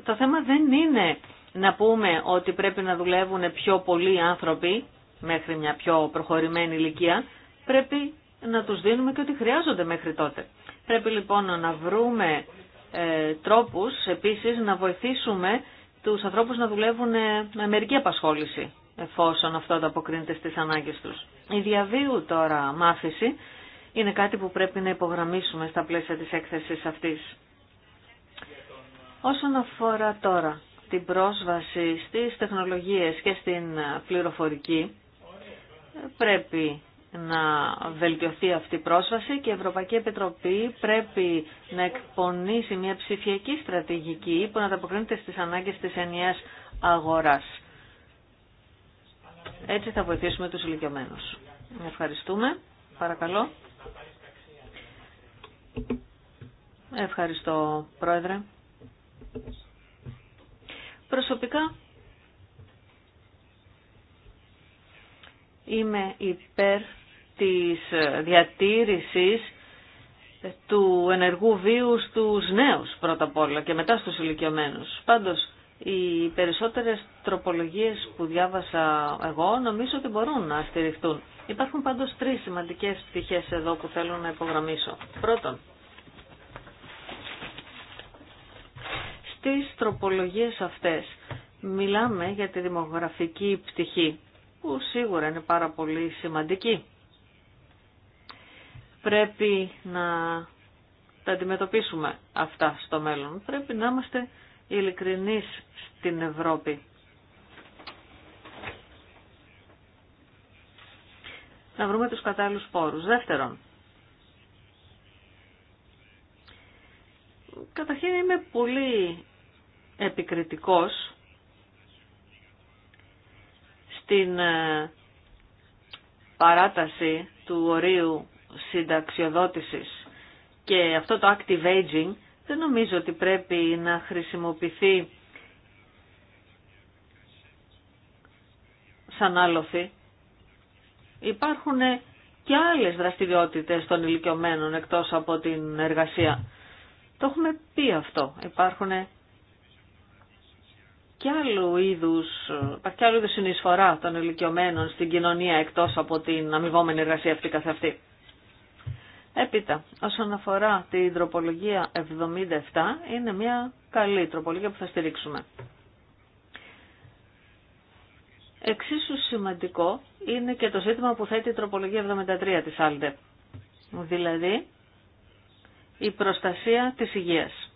Το θέμα δεν είναι να πούμε ότι πρέπει να δουλεύουν πιο πολλοί άνθρωποι μέχρι μια πιο προχωρημένη ηλικία, πρέπει να τους δίνουμε και ό,τι χρειάζονται μέχρι τότε. Πρέπει λοιπόν να βρούμε ε, τρόπους επίσης να βοηθήσουμε τους ανθρώπους να δουλεύουν ε, με μερική απασχόληση εφόσον αυτό αποκρίνεται στις ανάγκες τους. Η διαβίου τώρα μάθηση είναι κάτι που πρέπει να υπογραμμίσουμε στα πλαίσια της έκθεσης αυτής. Όσον αφορά τώρα την πρόσβαση στις τεχνολογίες και στην ε, πληροφορική, πρέπει να βελτιωθεί αυτή η πρόσβαση και η Ευρωπαϊκή Επιτροπή πρέπει να εκπονήσει μια ψηφιακή στρατηγική που να ανταποκρίνεται στις ανάγκες της ενιαίας αγοράς. Έτσι θα βοηθήσουμε τους ηλικιωμένους. Ευχαριστούμε. Παρακαλώ. Ευχαριστώ, Πρόεδρε. Προσωπικά, είμαι υπέρ της διατήρησης του ενεργού βίου στους νέους πρώτα απ' όλα και μετά στους ηλικιωμένους. Πάντως, οι περισσότερες τροπολογίες που διάβασα εγώ νομίζω ότι μπορούν να στηριχτούν. Υπάρχουν πάντως τρεις σημαντικές πτυχές εδώ που θέλω να υπογραμμίσω. Πρώτον, στις τροπολογίες αυτές μιλάμε για τη δημογραφική πτυχή που σίγουρα είναι πάρα πολύ σημαντική πρέπει να τα αντιμετωπίσουμε αυτά στο μέλλον. Πρέπει να είμαστε ειλικρινείς στην Ευρώπη. Να βρούμε τους κατάλληλους πόρους. Δεύτερον, καταρχήν είμαι πολύ επικριτικός στην ε, παράταση του ορίου συνταξιοδότησης και αυτό το active aging δεν νομίζω ότι πρέπει να χρησιμοποιηθεί σαν άλοθη. Υπάρχουν και άλλες δραστηριότητες των ηλικιωμένων εκτός από την εργασία. Το έχουμε πει αυτό. Υπάρχουν και άλλου είδους, υπάρχει και άλλου είδους συνεισφορά των ηλικιωμένων στην κοινωνία εκτός από την αμοιβόμενη εργασία αυτή καθ' αυτή. Έπειτα, όσον αφορά την τροπολογία 77, είναι μια καλή τροπολογία που θα στηρίξουμε. Εξίσου σημαντικό είναι και το ζήτημα που θέτει η τροπολογία 73 της Άλντε, δηλαδή η προστασία της υγείας.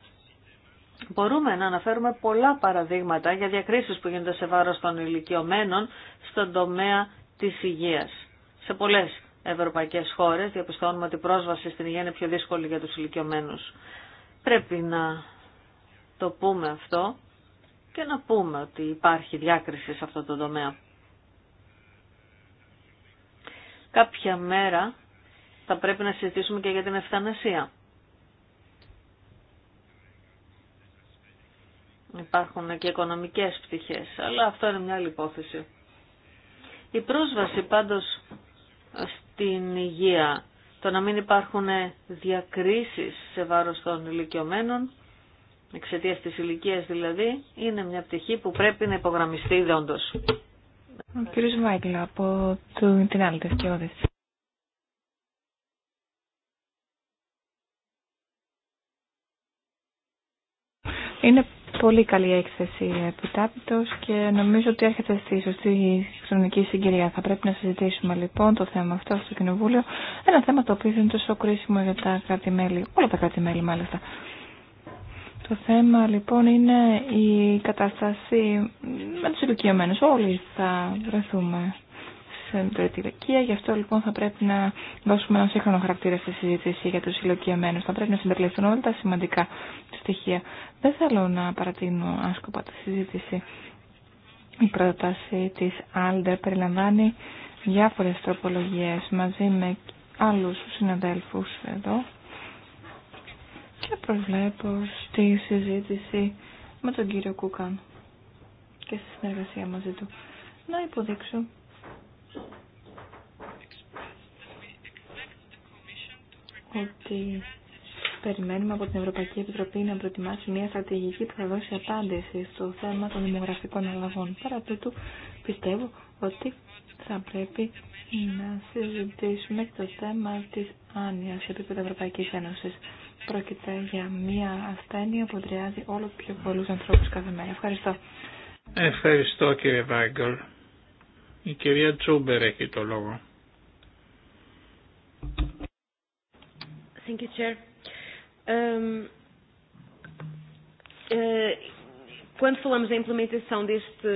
Μπορούμε να αναφέρουμε πολλά παραδείγματα για διακρίσεις που γίνονται σε βάρος των ηλικιωμένων στον τομέα της υγείας, σε πολλές Ευρωπαϊκέ χώρες. Διαπιστώνουμε ότι η πρόσβαση στην υγεία είναι πιο δύσκολη για τους ηλικιωμένου. Πρέπει να το πούμε αυτό και να πούμε ότι υπάρχει διάκριση σε αυτό το τομέα. Κάποια μέρα θα πρέπει να συζητήσουμε και για την ευθανασία. Υπάρχουν και οικονομικές πτυχές, αλλά αυτό είναι μια άλλη υπόθεση. Η πρόσβαση πάντως την υγεία, το να μην υπάρχουν διακρίσεις σε βάρος των ηλικιωμένων, εξαιτία της ηλικία δηλαδή, είναι μια πτυχή που πρέπει να υπογραμμιστεί δόντως. Ο Μάικλ από την άλλη Είναι Πολύ καλή έκθεση επιτάπητος και νομίζω ότι έρχεται στη σωστή χρονική συγκυρία. Θα πρέπει να συζητήσουμε λοιπόν το θέμα αυτό στο Κοινοβούλιο. Ένα θέμα το οποίο είναι τόσο κρίσιμο για τα κράτη-μέλη, όλα τα κράτη-μέλη μάλιστα. Το θέμα λοιπόν είναι η κατάσταση με τους ηλικιωμένους. Όλοι θα βρεθούμε ηλικία. Γι' αυτό λοιπόν θα πρέπει να δώσουμε ένα σύγχρονο χαρακτήρα στη συζήτηση για του ηλικιωμένου. Θα πρέπει να συμπεριληφθούν όλα τα σημαντικά στοιχεία. Δεν θέλω να παρατείνω άσκοπα τη συζήτηση. Η πρόταση τη Άλντερ περιλαμβάνει διάφορε τροπολογίε μαζί με άλλου συναδέλφου εδώ. Και προβλέπω στη συζήτηση με τον κύριο Κούκαν και στη συνεργασία μαζί του να υποδείξω ότι περιμένουμε από την Ευρωπαϊκή Επιτροπή να προετοιμάσει μια στρατηγική που θα δώσει απάντηση στο θέμα των δημογραφικών αλλαγών. Παρά τούτου, πιστεύω ότι θα πρέπει να συζητήσουμε το θέμα της άνοιας σε επίπεδο Ευρωπαϊκής Ένωσης. Πρόκειται για μια ασθένεια που επηρεάζει όλο πιο πολλούς ανθρώπους κάθε μέρα. Ευχαριστώ. Ευχαριστώ κύριε Βάγκολ. Η κυρία Τσούμπερ έχει το λόγο. Thank you, Chair. Um, uh, quando falamos da implementação deste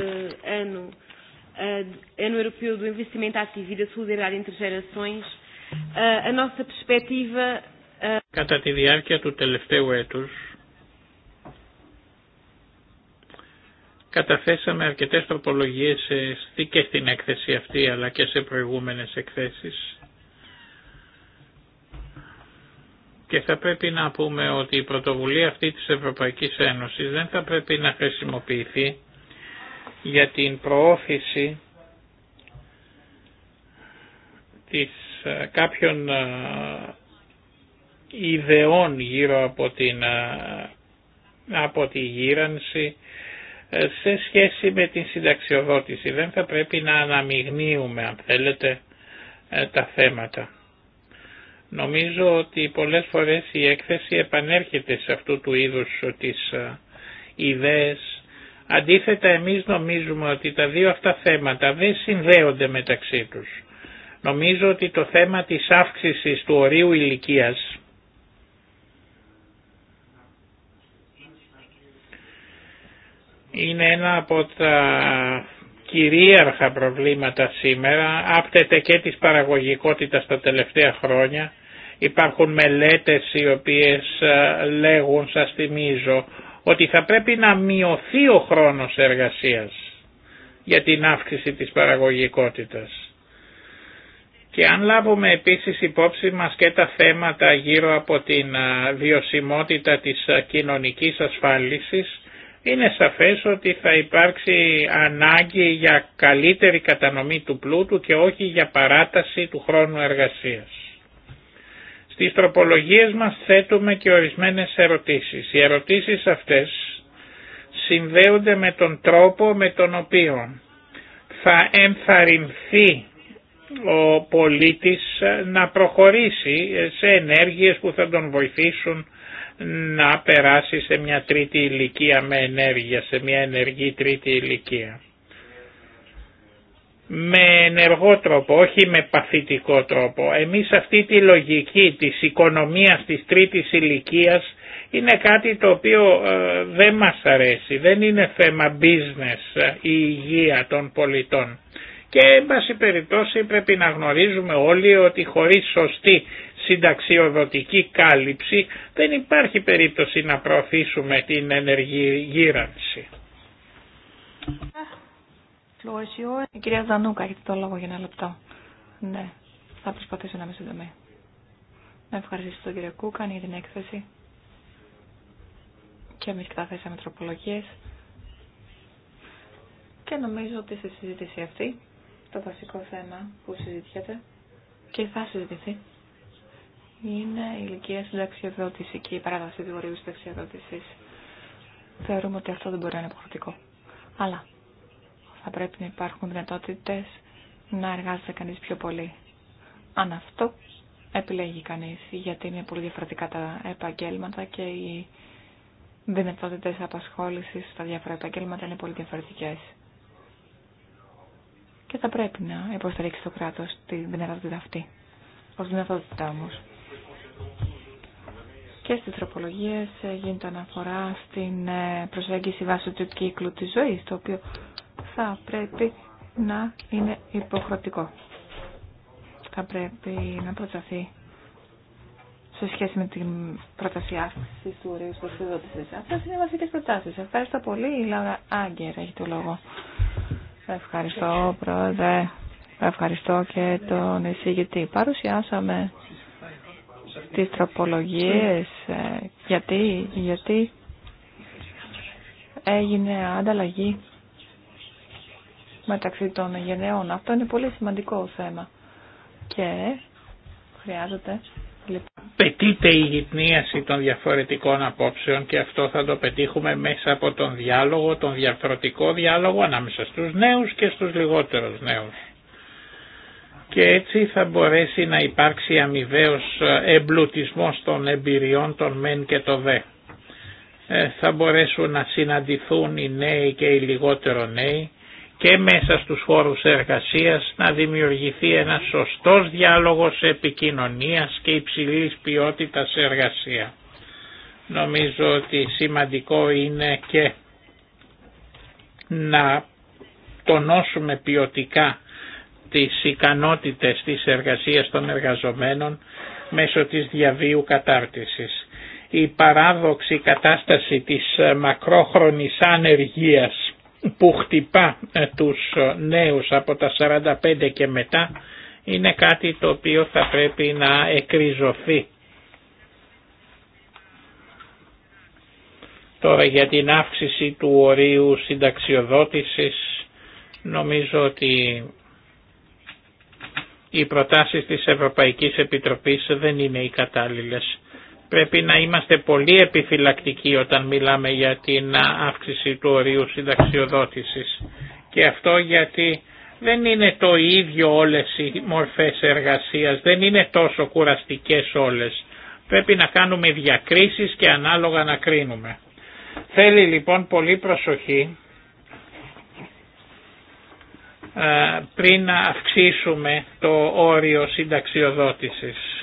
ano, uh, Ano Europeu do Investimento Ativo e da Solidariedade entre Gerações, uh, a nossa perspectiva. Uh... Κατά τη διάρκεια του τελευταίου έτους, καταθέσαμε αρκετές τροπολογίες και στην έκθεση αυτή αλλά και σε προηγούμενες εκθέσεις Και θα πρέπει να πούμε ότι η πρωτοβουλία αυτή της Ευρωπαϊκής Ένωσης δεν θα πρέπει να χρησιμοποιηθεί για την προώθηση της ε, κάποιων ε, ιδεών γύρω από, την, ε, από τη γύρανση σε σχέση με την συνταξιοδότηση. Δεν θα πρέπει να αναμειγνύουμε αν θέλετε τα θέματα. Νομίζω ότι πολλές φορές η έκθεση επανέρχεται σε αυτού του είδους τις ε, ιδέες. Αντίθετα εμείς νομίζουμε ότι τα δύο αυτά θέματα δεν συνδέονται μεταξύ τους. Νομίζω ότι το θέμα της αύξησης του ορίου ηλικίας είναι ένα από τα κυρίαρχα προβλήματα σήμερα, άπτεται και της παραγωγικότητας τα τελευταία χρόνια Υπάρχουν μελέτες οι οποίες ε, λέγουν, σας θυμίζω, ότι θα πρέπει να μειωθεί ο χρόνος εργασίας για την αύξηση της παραγωγικότητας. Και αν λάβουμε επίσης υπόψη μας και τα θέματα γύρω από την ε, βιωσιμότητα της ε, κοινωνικής ασφάλισης, είναι σαφές ότι θα υπάρξει ανάγκη για καλύτερη κατανομή του πλούτου και όχι για παράταση του χρόνου εργασίας. Στις τροπολογίες μας θέτουμε και ορισμένες ερωτήσεις. Οι ερωτήσεις αυτές συνδέονται με τον τρόπο με τον οποίο θα ενθαρρυνθεί ο πολίτης να προχωρήσει σε ενέργειες που θα τον βοηθήσουν να περάσει σε μια τρίτη ηλικία με ενέργεια, σε μια ενεργή τρίτη ηλικία με ενεργό τρόπο, όχι με παθητικό τρόπο. Εμείς αυτή τη λογική της οικονομίας της τρίτης ηλικία είναι κάτι το οποίο ε, δεν μας αρέσει, δεν είναι θέμα business ε, η υγεία των πολιτών. Και εν πάση περιπτώσει πρέπει να γνωρίζουμε όλοι ότι χωρίς σωστή συνταξιοδοτική κάλυψη δεν υπάρχει περίπτωση να προωθήσουμε την ενεργή γύρανση. Ε, η κυρία Δανούκα, έχετε το λόγο για ένα λεπτό. Ναι, θα προσπαθήσω να είμαι σύντομη. Να ευχαριστήσω τον κύριο Κούκαν για την έκθεση. Και εμεί καταθέσαμε τροπολογίε. Και νομίζω ότι στη συζήτηση αυτή το βασικό θέμα που συζητιέται και θα συζητηθεί είναι η ηλικία συνταξιοδότηση και η παράδοση του ορίου συνταξιοδότηση. Θεωρούμε ότι αυτό δεν μπορεί να είναι υποχρεωτικό. Αλλά θα πρέπει να υπάρχουν δυνατότητες να εργάζεται κανείς πιο πολύ. Αν αυτό επιλέγει κανείς, γιατί είναι πολύ διαφορετικά τα επαγγέλματα και οι δυνατότητες απασχόλησης στα διάφορα επαγγέλματα είναι πολύ διαφορετικές. Και θα πρέπει να υποστηρίξει το κράτος τη δυνατότητα αυτή, ως δυνατότητα όμως. Και στις τροπολογίες γίνεται αναφορά στην ε, προσέγγιση βάσει του κύκλου της ζωής, το οποίο θα πρέπει να είναι υποχρεωτικό. Θα πρέπει να προταθεί σε σχέση με την πρόταση αύξηση του ορίου προσφυγότηση. Αυτέ είναι οι βασικέ προτάσει. Ευχαριστώ πολύ. Η λαγα Άγκερ έχει το λόγο. Ευχαριστώ, Πρόεδρε. Ευχαριστώ και τον εισηγητή. Παρουσιάσαμε τις τροπολογίες. Ε, γιατί, γιατί έγινε ανταλλαγή μεταξύ των γενναιών. Αυτό είναι πολύ σημαντικό θέμα. Και χρειάζεται. Λοιπόν. Πετείται η γυπνίαση των διαφορετικών απόψεων και αυτό θα το πετύχουμε μέσα από τον διάλογο, τον διαφορετικό διάλογο ανάμεσα στους νέους και στους λιγότερους νέους. Και έτσι θα μπορέσει να υπάρξει αμοιβαίος εμπλουτισμός των εμπειριών των μεν και των δε. Ε, θα μπορέσουν να συναντηθούν οι νέοι και οι λιγότερο νέοι και μέσα στους χώρους εργασίας να δημιουργηθεί ένα σωστός διάλογος επικοινωνίας και υψηλής ποιότητας εργασία. Νομίζω ότι σημαντικό είναι και να τονώσουμε ποιοτικά τις ικανότητες της εργασίας των εργαζομένων μέσω της διαβίου κατάρτισης. Η παράδοξη κατάσταση της μακρόχρονης ανεργίας που χτυπά ε, τους ε, νέους από τα 45 και μετά είναι κάτι το οποίο θα πρέπει να εκριζωθεί. Τώρα για την αύξηση του ορίου συνταξιοδότησης νομίζω ότι οι προτάσεις της Ευρωπαϊκής Επιτροπής δεν είναι οι κατάλληλες. Πρέπει να είμαστε πολύ επιφυλακτικοί όταν μιλάμε για την αύξηση του ορίου συνταξιοδότησης. Και αυτό γιατί δεν είναι το ίδιο όλες οι μορφές εργασίας, δεν είναι τόσο κουραστικές όλες. Πρέπει να κάνουμε διακρίσεις και ανάλογα να κρίνουμε. Θέλει λοιπόν πολύ προσοχή ε, πριν να αυξήσουμε το όριο συνταξιοδότησης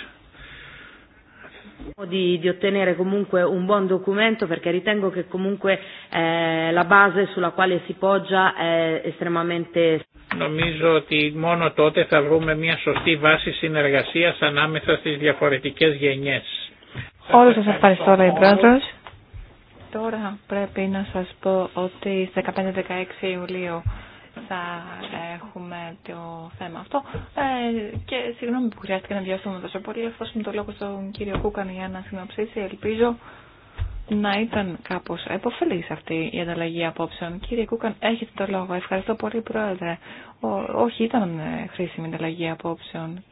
di, di ottenere comunque un buon documento perché ritengo che comunque eh, la base sulla quale si poggia è estremamente... Νομίζω ότι μόνο τότε θα βρούμε μια σωστή βάση συνεργασίας ανάμεσα στις διαφορετικές γενιές. Όλους σας ευχαριστώ, λέει Πρόεδρος. Τώρα πρέπει να σας πω ότι στις 15-16 Ιουλίου θα έχουμε το θέμα αυτό. Ε, και συγγνώμη που χρειάστηκε να διαστούμε τόσο πολύ. εφόσον με το λόγο στον κύριο Κούκαν για να συνοψίσει. Ελπίζω να ήταν κάπως εποφελης αυτή η ανταλλαγή απόψεων. Κύριε Κούκαν, έχετε το λόγο. Ευχαριστώ πολύ, Πρόεδρε. Ο, όχι, ήταν χρήσιμη η ανταλλαγή απόψεων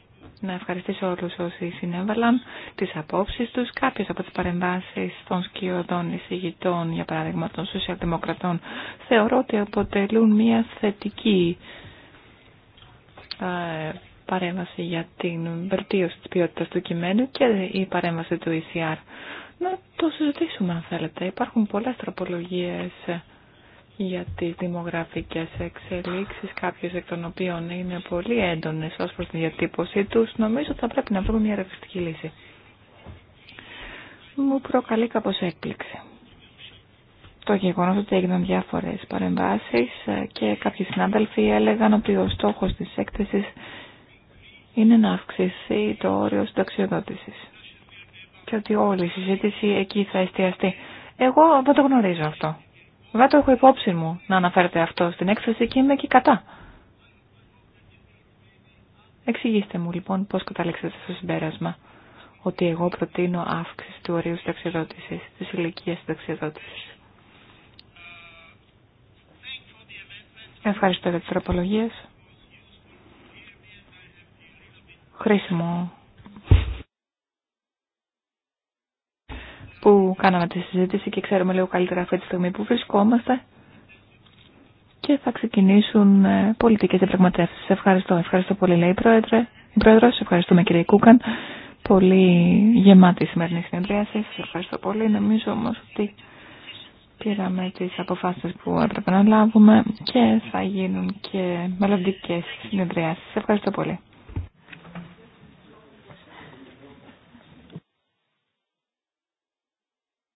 να ευχαριστήσω όλους όσοι συνέβαλαν τις απόψεις τους. Κάποιες από τις παρεμβάσεις των σκιωδών εισηγητών, για παράδειγμα των σοσιαλδημοκρατών, θεωρώ ότι αποτελούν μια θετική ε, παρέμβαση για την βελτίωση της ποιότητας του κειμένου και η παρέμβαση του ECR. Να το συζητήσουμε αν θέλετε. Υπάρχουν πολλές τροπολογίες για τις δημογραφικές εξελίξεις, κάποιες εκ των οποίων είναι πολύ έντονες ως προς τη διατύπωσή τους, νομίζω ότι θα πρέπει να βρούμε μια ρευστική λύση. Μου προκαλεί κάπως έκπληξη. Το γεγονός ότι έγιναν διάφορες παρεμβάσεις και κάποιοι συνάδελφοι έλεγαν ότι ο στόχος της έκθεσης είναι να αυξηθεί το όριο συνταξιοδότησης. Και ότι όλη η συζήτηση εκεί θα εστιαστεί. Εγώ δεν το γνωρίζω αυτό. Βέβαια το έχω υπόψη μου να αναφέρετε αυτό στην έκθεση και είμαι και κατά. Εξηγήστε μου λοιπόν πώς καταλήξατε στο συμπέρασμα ότι εγώ προτείνω αύξηση του ορίου συνταξιοδότησης, της ηλικίας συνταξιοδότησης. Ευχαριστώ για τις τροπολογίες. Χρήσιμο που κάναμε τη συζήτηση και ξέρουμε λίγο καλύτερα αυτή τη στιγμή που βρισκόμαστε και θα ξεκινήσουν ε, πολιτικές διαπραγματεύσεις. Ευχαριστώ. Ευχαριστώ πολύ, λέει η Πρόεδρε. Η ευχαριστούμε κύριε Κούκαν. Πολύ γεμάτη η σημερινή συνεδρία Σας ευχαριστώ πολύ. Νομίζω όμως ότι πήραμε τις αποφάσεις που έπρεπε να λάβουμε και θα γίνουν και μελλοντικές συνεδριάσεις. Ευχαριστώ πολύ.